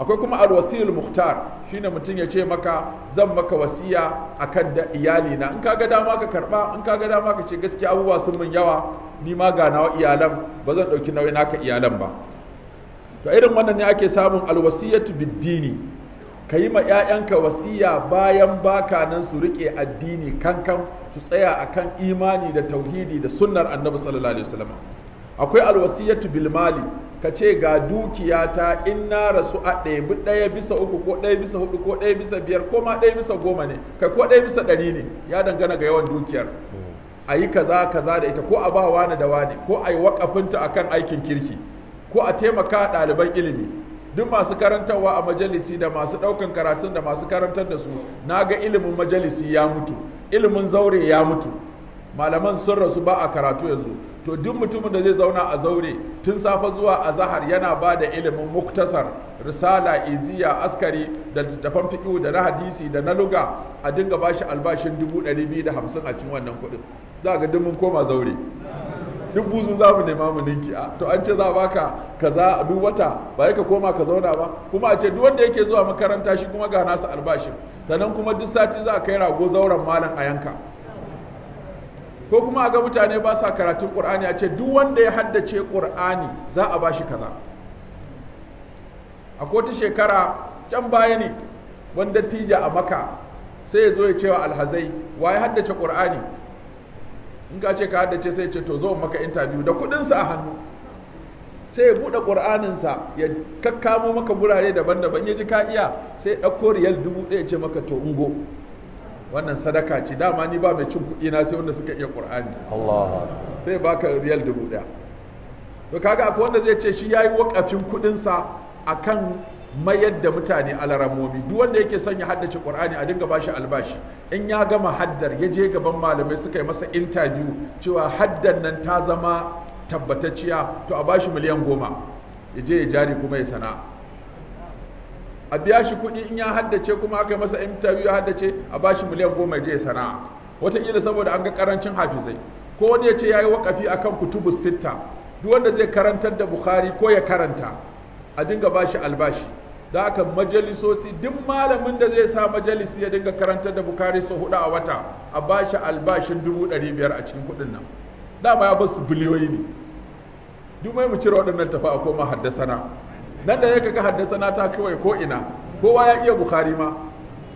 akwai kuma alwasil muhtar shine mutum ya ce maka zan maka wasiya akan da iyali na in ga dama ka karba in ga dama ka ce gaskiya abubuwa sun mun yawa ni ma ga nawa iyalan ba zan dauki nauyi naka iyalan ba to irin wannan ne ake samun alwasiyatu biddini ka yi ma 'ya'yanka wasiya bayan baka nan su rike addini kankan su tsaya akan imani da tauhidi da sunnar annabi sallallahu alaihi wasallam akwai alwasiyatu bil mali ka ce ga dukiyata in na rasu a ɗaya ɗaya bisa uku ko ɗaya bisa hudu ko ɗaya bisa biyar ko ma ɗaya bisa goma ne kai ko ɗaya bisa ɗari ne ya dangana ga yawan dukiyar a yi kaza kaza da ita ko a ba wani da wani ko a yi wakafinta kan aikin kirki ko a taimaka ɗaliban ilimi duk masu karantarwa a majalisi da masu ɗaukan karatun da masu karantar da su na ga ilimin majalisi ya mutu ilimin zaure ya mutu malaman sun rasu ba a karatu yanzu to duk mutumin da zai zauna a zaure tun safe zuwa azahar yana ba da ilimin muktasar risala iziya askari da littattafan fiƙu da na hadisi da na luga a dinga ba shi albashin dubu ɗari biyu da hamsin a cikin wannan kuɗin za ga duk mun koma zaure duk buzu za mu nema mu ninki a to an ce za baka kaza a duk wata ba ka koma ka zauna ba kuma a ce duk wanda yake zuwa makaranta shi kuma ga nasa albashin sannan kuma duk sati za a kai rago zauren malam a yanka ko kuma a ga mutane ba sa karatun ƙur'ani a ce duk wanda ya haddace ƙur'ani za a ba shi kaza a ta shekara can baya ne wanda tija a maka sai ya zo ya cewa alhazai wa ya haddace ƙur'ani in ka ce ka haddace sai ce to zo maka intabiyu da kuɗinsa a hannu sai ya buɗe ƙur'aninsa ya kakkamo maka gurare daban-daban ya ji ka iya sai ya ɗauko riyal dubu ɗaya ce maka to ungo wannan sadaka ce dama ni ba mai cin kuɗi na sai wanda suka iya ƙur'ani. Allah sai baka riyal dubu ɗaya to kaga akwai wanda zai ce shi ya yi wakafin kuɗinsa sa akan mayar da mutane alaramomi duk wanda yake son ya haddace ƙur'ani a dinga bashi albashi in ya gama haddar ya je gaban malamai suka yi masa interview cewa haddar nan ta zama tabbatacciya to a bashi miliyan goma ya je ya jari kuma ya sana'a a biya shi kuɗi in ya haddace kuma aka yi masa interview ya haddace a ba shi miliyan goma je sana'a wataƙila saboda an ga karancin hafizai ko wani ya ce ya yi waƙafi a kan kutubu sitta duk wanda zai karantar da bukhari ko ya karanta a dinga ba shi albashi da aka majalisosi duk malamin da zai sa majalisi ya dinga karantar da bukhari sau hudu a wata a ba shi albashin dubu ɗari biyar a cikin kuɗin nan dama ya basu biliyoyi ne duk mai mu cire waɗannan tafi a koma na nan da ya kaga na ta kawai ko ina kowa ya iya bukari ma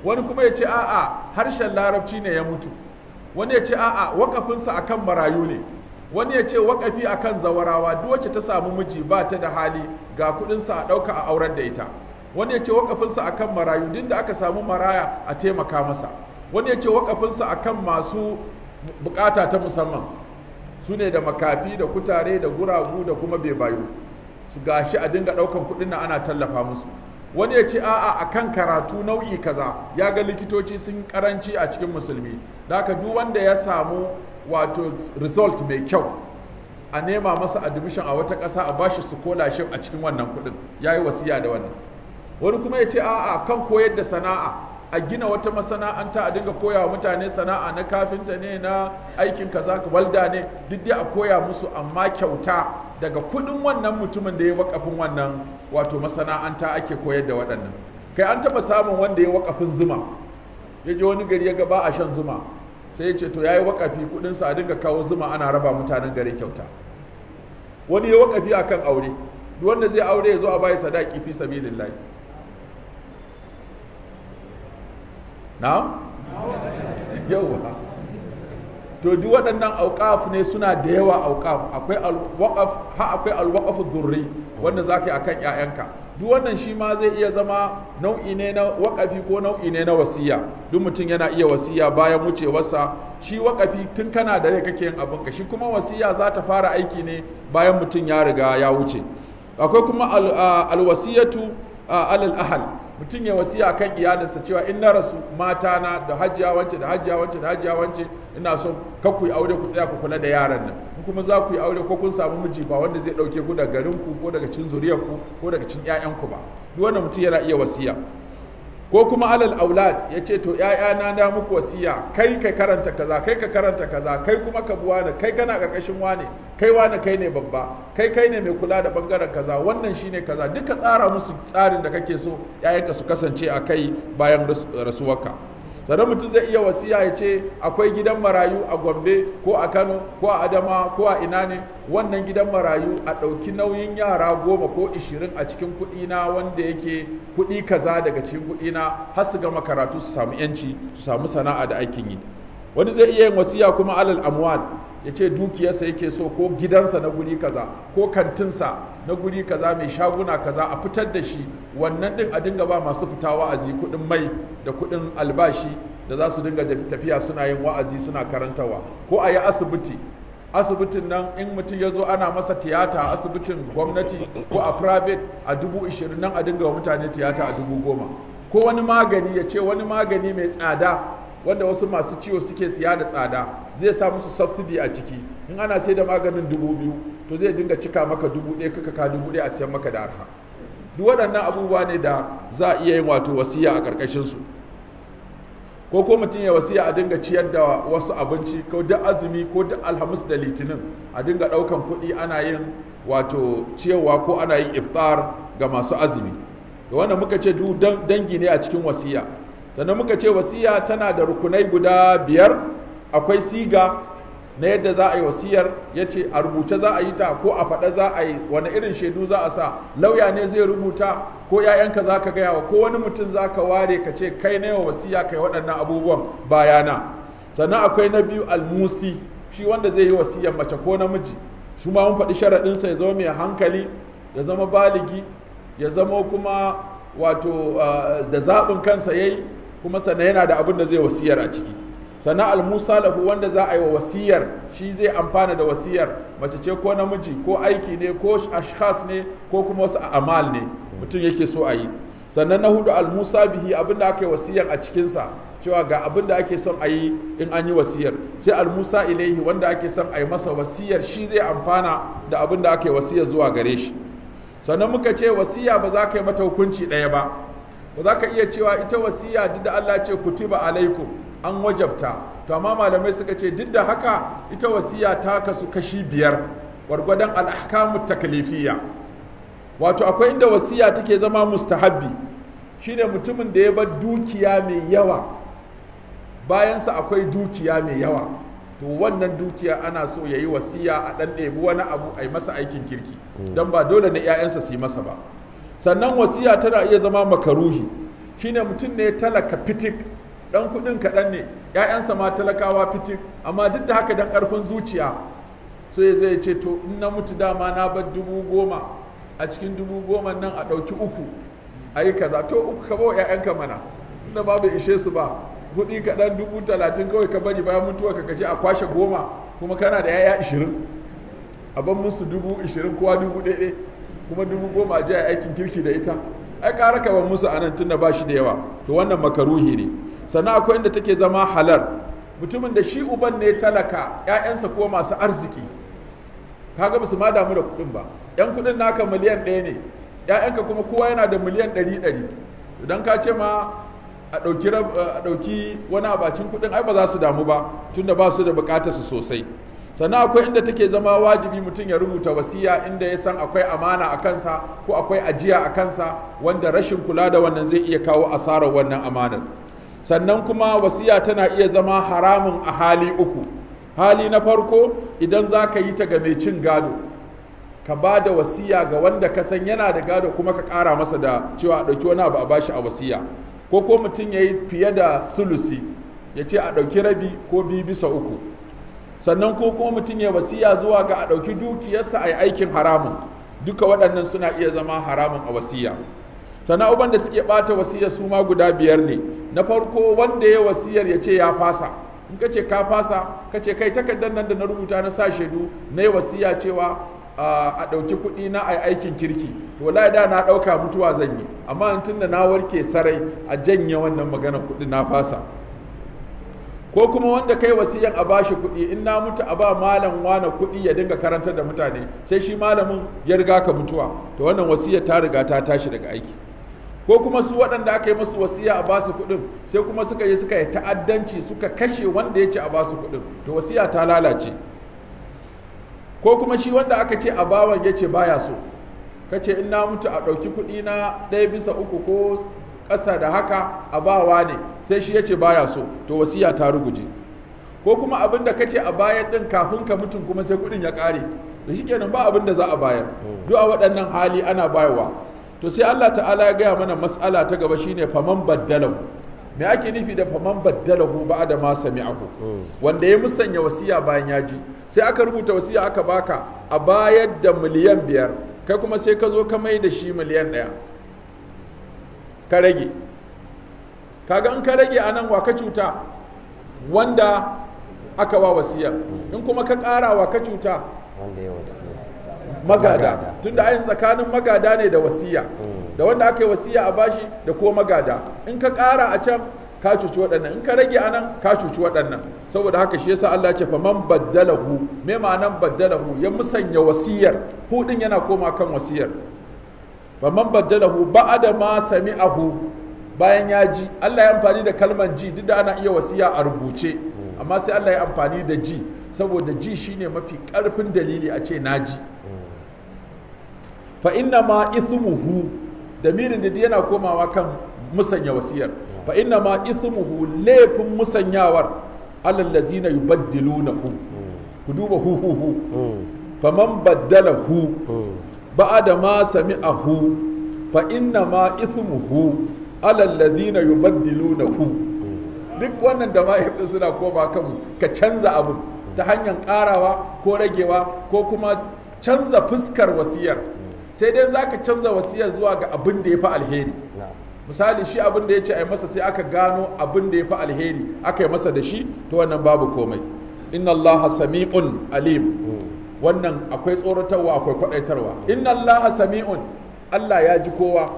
wani kuma ya ce a'a harshen larabci ne ya mutu wani ya ce a'a wakafinsa akan marayu ne wani ya ce wakafi akan zawarawa duk wacce ta samu miji ba ta da hali ga kudinsa a ɗauka a aurar da ita wani ya ce wakafinsa akan marayu din da aka samu maraya a taimaka masa wani ya ce wakafinsa akan masu bukata ta musamman su ne da makafi da kutare da guragu da kuma bebayu su gashi a dinga ɗaukan kuɗin nan ana tallafa musu wani ya ce a'a a kan karatu nau'i kaza ya ga likitoci sun karanci a cikin musulmi da haka duk wanda ya samu wato result mai kyau a nema masa admission a wata ƙasa a bashi scholarship a cikin wannan kuɗin yayi yi wasiya da wannan wani kuma ya ce a'a kan koyar da sana'a a gina wata masana'anta a dinga koya wa mutane sana'a na kafinta ne na aikin kaza walda ne duk dai a koya musu amma kyauta daga kudin wannan mutumin da ya wakafin wannan wato masana'anta ake koyar da waɗannan kai an taɓa samun wanda ya wakafin zuma ya je wani gari ya gaba a shan zuma sai ya ce to yayi wakafi kudin sa a dinga kawo zuma ana raba mutanen gari kyauta wani ya wakafi akan aure duk wanda zai aure ya zo a bai sadaki fi sabilillahi na? yawa to duk waɗannan auƙaf ne suna da yawa auƙaf akwai alwaƙaf ha akwai alwaƙaf zurri wanda za ka yi akan yayanka duk wannan shi ma zai iya zama nau'i ne na waƙafi ko nau'i ne na wasiya duk mutum yana iya wasiya bayan wucewarsa shi waƙafi tun kana da rai kake yin abinka shi kuma wasiya za ta fara aiki ne bayan mutum ya riga ya wuce akwai kuma alwasiyatu alal ahal mutum ya wasiya kan iyalinsa cewa in na rasu mata na da hajiya wance da hajiya wance da hajiya wance ina so ka ku yi aure ku tsaya ku kula da yaran nan in kuma za ku yi aure ko kun samu miji ba wanda zai dauke ku daga garin ku ko daga cin zuriyar ku ko daga cin yayan ku ba duk wanda mutum yana iya wasiya ko kuma alal aulad ya ce to ‘ya'yana na muku wasiya kai ka karanta kaza kai ka karanta kaza kai kuma ka buwa da kai kana ƙarƙashin wane kai wane kai ne babba kai kai ne mai kula da bangaren kaza wannan shine kaza duka tsara musu tsarin da kake so ‘ya'yanka su kasance a kai bayan rasuwarka sannan mutum zai iya wasiya ya ce akwai gidan marayu a gombe ko a kano ko a adama ko a ina ne wannan gidan marayu a ɗauki nauyin yara goma ko ishirin a cikin kuɗi wanda yake kuɗi kaza daga cikin kuɗi na har su gama karatu su samu yanci su samu sana'a da aikin yi wani zai iya yin wasiya kuma alal amwal ya ce dukiyarsa yake so ko gidansa na guri kaza ko kantinsa na guri kaza mai shaguna kaza a fitar da shi wannan din a dinga ba masu fita wa'azi kudin mai da kudin albashi da za su dinga tafiya suna yin wa'azi suna karantawa ko a yi asibiti asibitin nan in mutum ya zo ana masa tiyata a asibitin gwamnati ko a private a dubu ishirin nan a dinga wa mutane tiyata a dubu goma ko wani magani ya ce wani magani mai tsada wanda wasu masu ciwo suke siya da tsada zai sa musu subsidy a ciki in ana sai da maganin dubu biyu to zai dinga cika maka dubu ɗaya kaka ka dubu ɗaya a siyan maka da arha duk waɗannan abubuwa ne da za a iya yin wato wasiya a ƙarƙashin su ko ko mutum ya wasiya a dinga ciyar da wasu abinci ko duk azumi ko duk alhamis da litinin a dinga ɗaukan kuɗi ana yin wato ciyarwa ko ana yin iftar ga masu azumi da wanda muka ce dangi ne a cikin wasiya sannan muka ce wasiya tana da rukunai guda biyar akwai siga na yadda za a yi wasiyar ya ce a rubuce za a yi ta ko a faɗa za a yi wani irin shaidu za a sa lauya ne zai rubuta ko 'ya'yanka za ka gaya wa ko wani mutum za ka ware ka ce kai na yawa wasiya kai waɗannan abubuwan bayana sannan akwai na biyu almusi shi wanda zai yi wasiyar mace ko namiji su ma mun faɗi sharaɗinsa ya zama mai hankali ya zama baligi ya zama kuma wato ah, da zaɓin kansa ya yi kuma sannan yana da abin da zai wasiyar a ciki sannan almusa lahu wanda za a yi wa wasiyar shi zai amfana da wasiyar mace ce ko namiji ko aiki ne ko ashkhas ne ko kuma wasu amal ne mutum yake so a yi sannan na hudu almusa bihi abin da aka yi wasiyar a cikinsa cewa ga abin da ake son a yi in an yi wasiyar sai almusa ilaihi wanda ake son a yi masa wasiyar shi zai amfana da abin da aka yi wasiyar zuwa gare shi sannan muka ce wasiya ba za ka yi mata hukunci ɗaya ba ba za ka iya cewa ita wasiya duk da Allah ce kutiba alaikum an wajabta to amma malamai suka ce duk da haka ita wasiya ta kasu kashi biyar gwargwadon al'ahkamu taklifiya wato akwai inda wasiya take zama mustahabbi shine mutumin da ya bar dukiya mai yawa bayansa akwai dukiya mai yawa to wannan dukiya ana so ya yi wasiya a ɗan ɗebi wani abu a yi masa aikin kirki mm. don ba dole na 'ya'yansa su yi masa ba sannan wasiya tana iya zama makaruhi shine mutum ne talaka fitik dan kuɗin kaɗan ne ‘ya'yansa ma talakawa fitik amma duk da haka dan ƙarfin zuciya ya zai ce to in na mutu dama na bar dubu goma a cikin dubu goma nan a ɗauki uku a yi kaza to uku ka bawa ‘ya'yanka mana inda bai ishe su ba kuɗi kaɗan dubu talatin kawai ka bari bayan mutuwa ka kashe a kwashe goma kuma kana da ‘ya'ya ishirin a ban musu dubu ishirin kowa dubu ɗaya kuma dubu goma je a aikin kirki da ita ai ƙara ka ban musu anan tunda ba shi da yawa to wannan makaruhi ne sannan akwai inda take zama halar mutumin da shi uban ne talaka ƴaƴansa ko masu arziki kaga ba su ma damu da kuɗin ba ƴan kuɗin naka miliyan ɗaya ne ƴaƴanka kuma kowa yana da miliyan ɗari ɗari idan ka ce ma a ɗauki wani abacin kuɗin ai ba za su damu ba tunda ba su da buƙatarsu sosai sannan akwai inda take zama wajibi mutum ya rubuta wasiya inda ya san akwai amana a kansa ko akwai ajiya a kansa wanda rashin kula da wannan zai iya kawo asarar wannan amanar sannan kuma wasiya tana iya zama haramun a hali uku hali na farko idan za ka yi ta ga mai cin gado ka ba da wasiya ga wanda ka san yana da gado kuma ka kara masa da cewa a ɗauki wani abu a bashi a wasiya ko ko mutum ya yi fiye da sulusi ya ce a ɗauki rabi ko biyu bisa uku sannan ko kuma mutum ya wasiya zuwa ga a ɗauki dukiyarsa a yi aikin haramun duka waɗannan suna iya zama haramun a wasiya sannan da suke ɓata wasiya su ma guda biyar ne na farko wanda ya wasiyar ya ce ya fasa in ka ce ka fasa ka ce kai takardar nan da na rubuta na sa shaidu na yi wasiya cewa a ɗauki kuɗi na a aikin kirki to wallahi da na ɗauka mutuwa zan yi amma tun da na warke sarai a janye wannan maganar kuɗi na fasa ko kuma wanda kai wasiyan a bashi kuɗi in na mutu a ba malam wani kuɗi ya dinga karantar da mutane sai shi malamin ya riga ka mutuwa to wannan wasiyar ta riga ta tashi daga aiki ko kuma su waɗanda aka yi musu wasiya a basu kuɗin sai kuma suka yi suka yi ta'addanci suka kashe wanda ya ce a basu kuɗin to wasiya ta lalace ko kuma shi wanda aka ce a bawan ya ce baya so ka ce in na mutu a ɗauki kuɗi na ɗaya bisa uku ko ƙasa da haka a bawa ne sai shi ya ce baya so to wasiya ta ruguje ko kuma abin da kace a bayan din kafin ka mutum kuma sai kuɗin ya ƙare da shi kenan ba abin da za a bayar hmm. duk a waɗannan hali ana bayarwa to sai Allah ta'ala ya gaya mana mas'ala ta gaba shine faman baddalahu me ake nufi da faman baddalahu ba da ma sami'ahu hmm. wanda ya musanya wasiya bayan ya ji sai aka rubuta wasiya aka baka a bayar da miliyan biyar kai kuma sai ka zo ka mai da shi miliyan ɗaya ka rage kaga in ka rage a nan wa ka cuta wanda aka wa wasiya in kuma ka ƙara wa ka cuta magada tunda ayin tsakanin magada ne da wasiya mm. da wanda aka yi wasiya a bashi da ko magada in ka ƙara a can ka cuci waɗannan in ka rage a nan ka cuci waɗannan saboda haka shi yasa Allah ce fa man baddalahu me ma'anan baddalahu ya musanya wasiyar hudin yana koma kan wasiyar wa man baddalahu ba'da ma ahu bayan ya ji Allah ya amfani da kalman ji duk da ana iya wasiya a rubuce amma sai Allah ya amfani da ji saboda ji shine mafi karfin dalili a ce naji fa inna ma ithmuhu damirin da yana komawa kan musanya wasiyar fa inna ma ithmuhu laifin musanyawar alal ladzina yubaddilunahu ku duba hu hu hu hmm. faman baddalahu hmm. ba'ada ma sami hu fa inna ma ithmuhu ala alladhina yubaddilunahu duk wannan da ma ibn suna koma kan ka canza abu ta hanyar karawa ko ragewa ko kuma canza fuskar wasiyar sai dai zaka canza wasiyar zuwa ga abin da ya fi alheri misali shi abin da ya ce a yi masa sai aka gano abin da ya fi alheri aka yi masa da shi to wannan babu komai inna allaha sami'un alim wannan akwai tsoratarwa akwai kwadaitarwa inna allaha sami'un allah ya ji kowa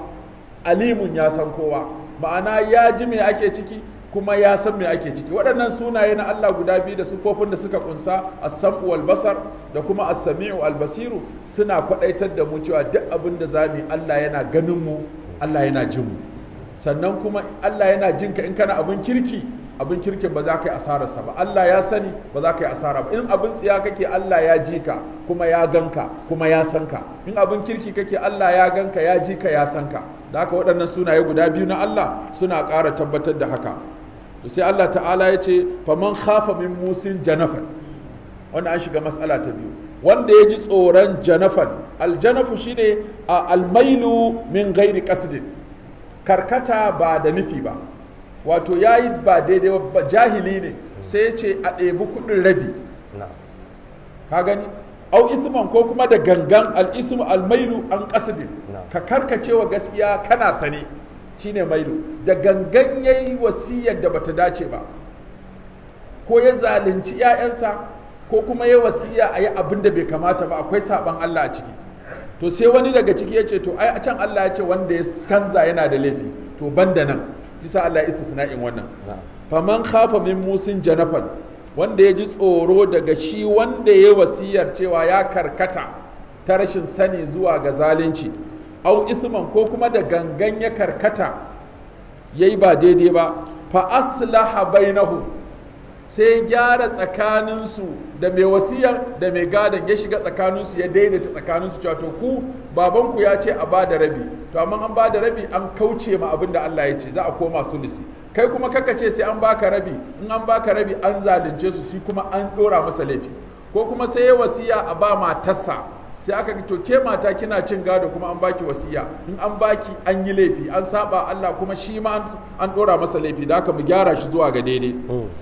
alimun ya san kowa ma'ana ya ji me ake ciki kuma ya san me ake ciki waɗannan sunaye na Allah guda biyu da siffofin da suka kunsa as-sam'u wal da kuma as-sami'u al suna kwadaitar da mu cewa duk abin da zamu Allah yana ganin mu Allah yana jin mu sannan kuma Allah yana jin ka in kana abin kirki abin kirkin ba za ka yi asararsa ba Allah ya sani ba za ka yi asara ba in abin tsiya kake Allah ya ji ka kuma ya ganka kuma ya san ka in abin kirki kake Allah ya ganka ya ji ka ya san ka da haka waɗannan sunaye guda biyu na Allah suna ƙara tabbatar da haka to sai Allah ta'ala ya ce fa faman khafa min musin janafan wannan an shiga matsala ta biyu wanda ya ji tsoron janafan aljanafu shine a almailu min gairi qasdin karkata ba da nufi ba wato ya yi ba daidai ba jahili ne sai ya ce a ɗebi kuɗin rabi ka gani au isman ko kuma da gangan al'ismu almailu an kasidin ka karkace wa gaskiya kana sane shine mailu da gangan ya yi wasiyar da bata dace ba ko ya zalunci 'ya'yansa ko kuma ya wasiya a yi abin da bai kamata ba akwai saban Allah a ciki to sai wani daga ciki ya ce to ai a can Allah ya ce wanda ya canza yana da laifi to ban da nan bisa Allah ya in wannan faman khafa min musin janafan wanda ya ji tsoro daga shi wanda ya wasiyar cewa ya karkata ta rashin sani zuwa ga zalunci au ithman ko kuma da gangan ya karkata yayi ba daidai ba fa aslaha bainahum sai gyara tsakaninsu da mai wasiya da mai gadon ya shiga tsakaninsu ya daidaita tsakaninsu cewa to ku babanku ya ce a ba da rabi to amma an ba da rabi an kauce ma abin da Allah ya ce za a koma sulusi kai kuma kaka ce sai an baka rabi in an baka rabi an zalunce su shi kuma an dora masa laifi ko kuma sai ya wasiya a ba matarsa sai aka ga to ke mata kina cin gado kuma an baki wasiya in an baki an yi laifi an saba Allah kuma shi ma an dora masa laifi da aka mu gyara shi zuwa ga daidai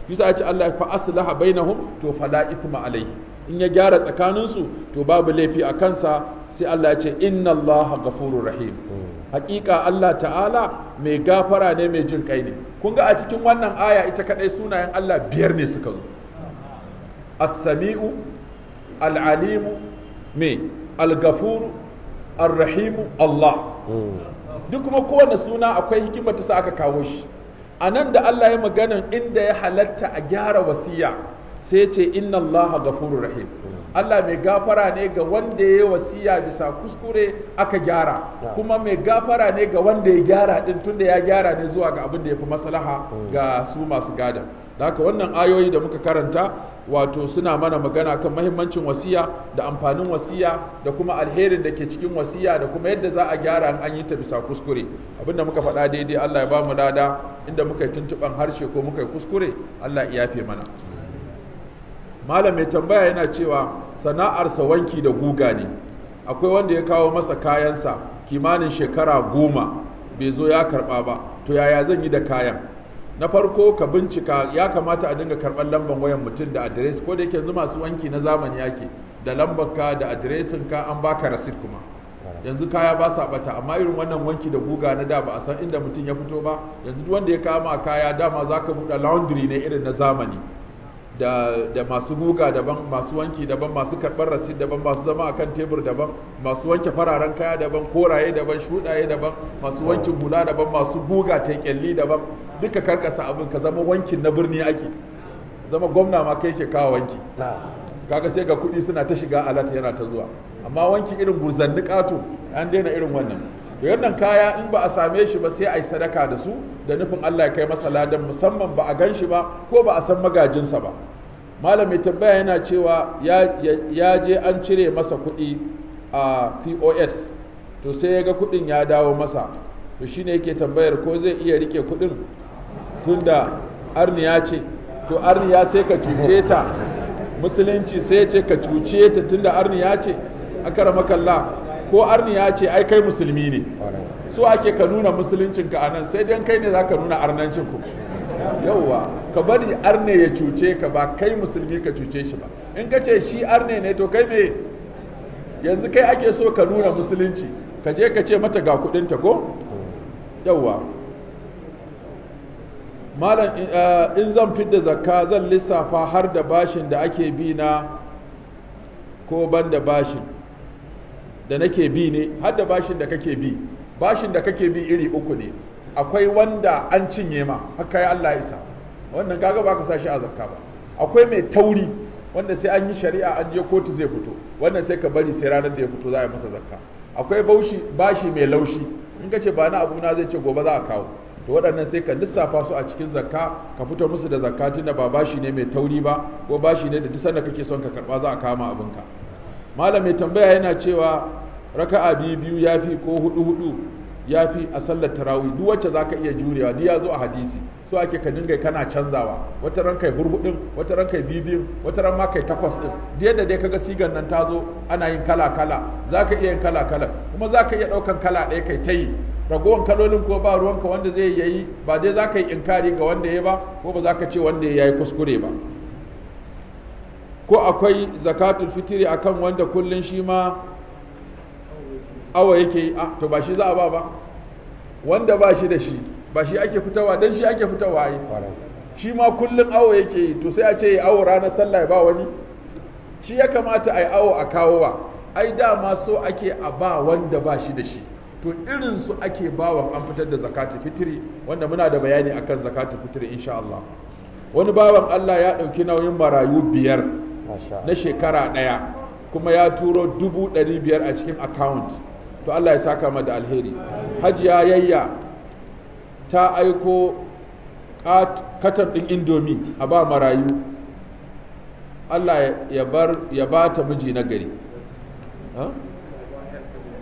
bisa hmm. ce Allah fa aslaha bainahum to fala ithma alaihi in ya gyara tsakanin su to babu laifi a kansa sai Allah ya ce inna Allah ghafurur rahim hmm. hakika Allah ta'ala mai gafara ne mai jin kai ne kun ga a cikin wannan aya ita kadai sunayen Allah biyar ne suka zo as-sami'u al-alimu me al-gafuru ar-rahimu Allah duk kuma kowane suna akwai hikimar ta sa aka kawo shi a nan da Allah ya maganan inda ya halatta a gyara wasiya sai ya ce inna Allah gafuru rahim Allah mai gafara ne ga wanda ya wasiya bisa kuskure aka gyara kuma mai gafara ne ga wanda ya gyara din tunda ya gyara ne zuwa ga abin da ya fi maslaha ga su masu gada da haka wannan ayoyi da muka karanta wato suna mana magana kan mahimmancin wasiya da amfanin wasiya da kuma alherin da ke cikin wasiya da kuma yadda za a gyara an yi ta bisa kuskure abinda muka faɗa daidai Allah ya bamu lada inda muka yi tuntuɓan harshe ko muka yi kuskure Allah ya yafe mana malam mai tambaya yana cewa sana'arsa wanki da guga ne akwai wanda ya kawo masa kayansa kimanin shekara goma bai zo ya karɓa ba to yaya zan yi da kayan na farko ka bincika ya kamata a dinga karɓar lambar wayan mutum da adires ko da yake yanzu masu wanki na zamani yake da lambar ka da adiresin ka an baka rasit kuma yanzu kaya ba sa bata amma irin wannan wanki da guga na da ba a san inda mutum ya fito ba yanzu duk wanda ya kama kaya dama za ka buɗe laundry ne irin na zamani da, da masu guga daban masu wanki daban masu karɓar rasid daban masu zama akan tebur daban masu wanke fararen kaya daban koraye daban shuɗaye daban masu wankin hula daban masu guga ta daban duka karkasa abin ka zama wankin na birni ake zama gwamna ma kai ke kawo wanki kaga sai ga kuɗi suna ta shiga alat yana ta zuwa amma wanki irin gurzan ƙato an daina irin wannan to wannan kaya in ba a same shi ba sai a yi sadaka da su da nufin Allah ya kai masa ladan musamman ba a gan shi ba ko ba a san magajinsa ba malam mai tambaya yana cewa ya je an cire masa kuɗi a pos to sai ya ga kuɗin ya dawo masa to shine yake tambayar ko zai iya rike kuɗin tunda arniya ce to arniya sai ka cuce ta musulunci sai ce ka cuce ta tunda arniya ce akara makalla ko arniya ce ai kai musulmi ne so ake ka nuna musuluncin ka anan sai dan kai ne za ka nuna arnancin ku yauwa ka bari arne ya cuce ka ba kai musulmi ka cuce shi ba in ka ce shi arne ne to kai me yanzu kai ake so ka nuna musulunci ka je ka ce mata ga ta ko yauwa malam uh, in zan fidda zakka zan lissafa har da bashin da ake bi na ko ban da bashin da nake bi ne har da bashin da kake bi bashin da kake bi iri uku ne akwai wanda an cinye ma haka ya Allah isa wannan kaga ba ka sashi a zakka ba akwai mai tauri wanda sai an yi shari'a an je kotu zai fito wannan sai ka bari sai ranar da ya fito za a yi masa zakka akwai bashi mai laushi in ka ce ba na na zai ce gobe za a kawo to waɗannan sai ka lissafa su a cikin zakka ka fito musu da zakka tunda ba bashi ne mai tauri ba ko bashi ne da duk sanda kake son ka karba za a kama abinka malam mai tambaya yana cewa raka'a biyu biyu yafi ko hudu hudu yafi a sallar tarawih duk wacce zaka iya jurewa duk ya zo a hadisi so ake ka dinga kana canzawa wata ran kai hurhudin wata ran kai bibin wata ran ma kai takwas din duk yadda dai kaga sigan nan ta zo ana yin kala kala zaka iya yin kala kala kuma zaka iya daukan kala ɗaya kai ta yi ragowar kalolin ko ba ruwanka wanda zai yayi ba dai za ka yi inkari ga wanda ya ba ko ba za ka ce wanda ya yi kuskure ba ko akwai zakatul fitiri akan wanda kullun shi ma awa yake a ah, to ba shi za a ba ba wanda ba shi da shi ba shi ake fitawa don shi ake fitawa yi shi ma kullun awa yake yi to sai a ce ya awo ranar sallah ya ba wani shi ya kamata a yi awo a kawo ba ai dama so ake a ba wanda ba shi da shi to irin su ake bawa an fitar da zakatu fitiri wanda muna da bayani akan zakatu fitiri insha Allah wani bawan Allah ya ɗauki nauyin marayu biyar na shekara ɗaya kuma ya turo dubu ɗari biyar a cikin account to Allah ya saka ma da alheri hajiya yayya ta aiko katon ɗin indomi a ba marayu Allah ya ba ta miji na gari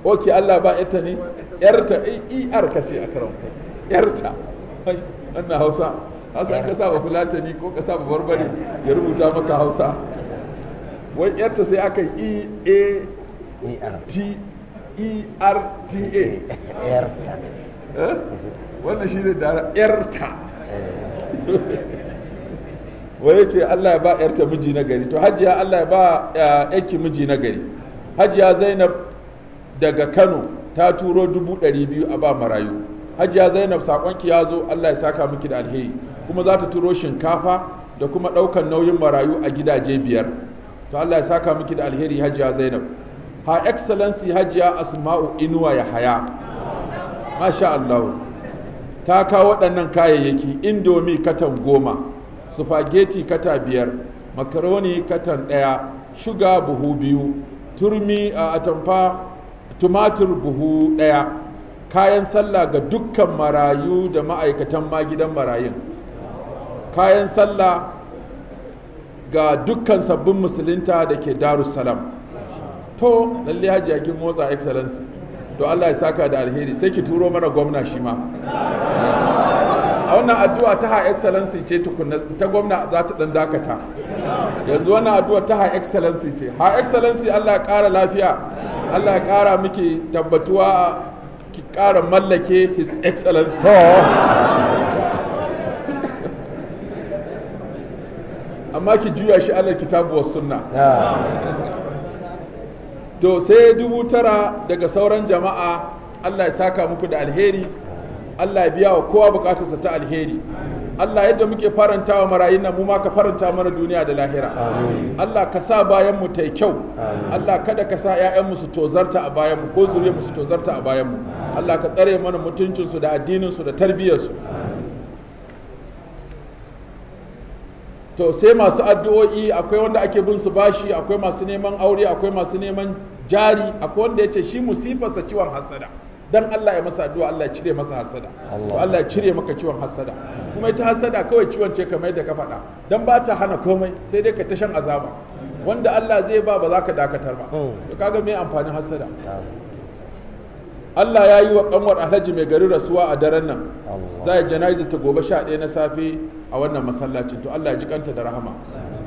oke Allah ba yarta ne yarta er eh, e ka ce a karan yarta wannan hausa hausa in ka sa fulatani ko ka saba barbari ya rubuta maka hausa wai yarta sai aka yi e a e t e r t a yarta eh? wannan shi ne da yarta wai ce Allah ya ba yarta miji na gari to hajiya Allah ya ba yaki miji na gari hajiya Zainab daga kano ta turo dubu ɗari biyu a ba marayu hajiya zainab saƙonki ya zo allah ya saka miki da alheri kuma za ta turo shinkafa da kuma ɗaukan nauyin marayu a gidaje biyar to allah ya saka miki da alheri hajiya zainab ha excellency hajiya asma'u inuwa ya haya masha allahu ta kawo waɗannan kayayyaki indomi katan goma sufageti kata biyar makaroni katan ɗaya shuga buhu biyu turmi a atamfa tumatir buhu ɗaya kayan sallah ga dukkan marayu da ma'aikatan ma gidan marayun kayan sallah ga dukkan sabbin musulunta da ke darussalam to lalle hajiya kin motsa excellence. to Allah ya saka da alheri sai ki turo mana gwamna shi ma a wannan addu'a ta ha excellence ce ta gwamna za ta dan dakata yanzu wannan addu'a ta high excellency ce high excellency Allah ya ƙara lafiya Allah ya ƙara miki tabbatuwa ki ƙara mallake his excellency amma ki juya shi Allah kitabu was sunna to sai dubu tara daga sauran jama'a Allah ya saka muku da alheri Allah ya biya wa kowa bukatarsa ta alheri Allah yadda muke faranta wa marayun nan mu ma ka faranta mana duniya da lahira Allah ka sa bayan mu ta kyau Allah kada ka sa 'ya'yan mu su tozarta a bayan mu ko zuriyar mu su tozarta a bayan mu Allah ka tsare mana mutuncin su da addinin su da tarbiyyar su to sai masu addu'o'i akwai wanda ake bin su bashi akwai masu neman aure akwai masu neman jari akwai wanda ya ce shi sa ciwon hasada dan Allah ya masa addu'a Allah ya cire masa hasada Allah ya cire maka ciwon hasada kuma ta hasada kawai ciwon ce kamar yadda ka faɗa dan ba ta hana komai sai dai ka tashan azaba wanda Allah zai ba ba za ka dakatar ba hmm. to kaga me amfanin hasada Allah ya yi wa kanwar alhaji mai gari rasuwa a daren nan za a jana'iza ta gobe sha ɗaya na safe a wannan masallacin to Allah ya ji kanta da rahama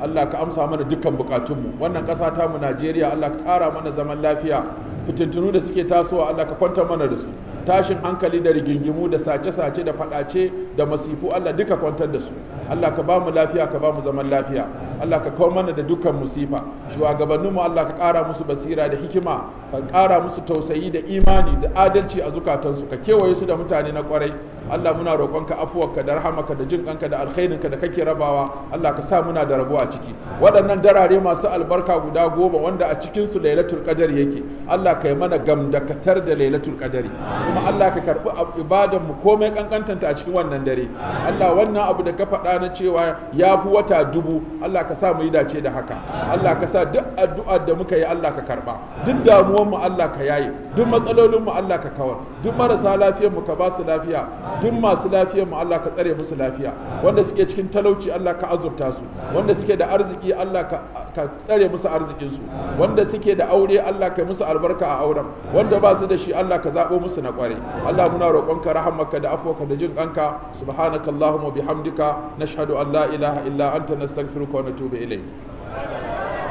Allah ka amsa mana dukkan bukatunmu wannan ƙasa ta mu Najeriya Allah ka ƙara mana zaman lafiya fitintunu da suke tasowa Allah ka kwanta mana da su tashin hankali da rigingimu da sace-sace da fadace da masifu Allah duka kwantar da su Allah ka ba mu lafiya ka ba mu zaman lafiya Allah ka kawo mana da dukkan musifa mu Allah ka kara musu basira da hikima ka kara musu tausayi da imani da adalci a zukatansu ka kewaye su da mutane na kwarai Allah muna roƙonka ka da rahamaka da jin kanka da alkhairinka da kake rabawa Allah ka sa muna da rabo a ciki waɗannan darare masu albarka guda goma wanda a cikinsu lailatul qadar yake Allah ka yi mana gamdakatar da lailatul qadari mu Allah ka karbi ibadan mu komai kankantanta a cikin wannan dare Allah wannan abu da ka faɗa na cewa ya fi wata dubu Allah ka sa mu yi dace da haka Allah ka sa duk addu'ar da muka yi Allah ka karba duk damuwar mu Allah ka yaye duk matsalolin Allah ka kawar duk marasa lafiyar mu ka ba su lafiya duk masu lafiyar mu Allah ka tsare musu lafiya wanda suke cikin talauci Allah ka azurta su wanda suke da arziki Allah ka tsare musu arzikin su wanda suke da aure Allah ka musu albarka a auren wanda ba su da shi Allah ka zabo musu na kware Allah muna roƙonka rahamarka da afwarka da jin kanka subhanakallahumma bihamdika nashhadu an la ilaha illa anta nastaghfiruka wa natubu ilayk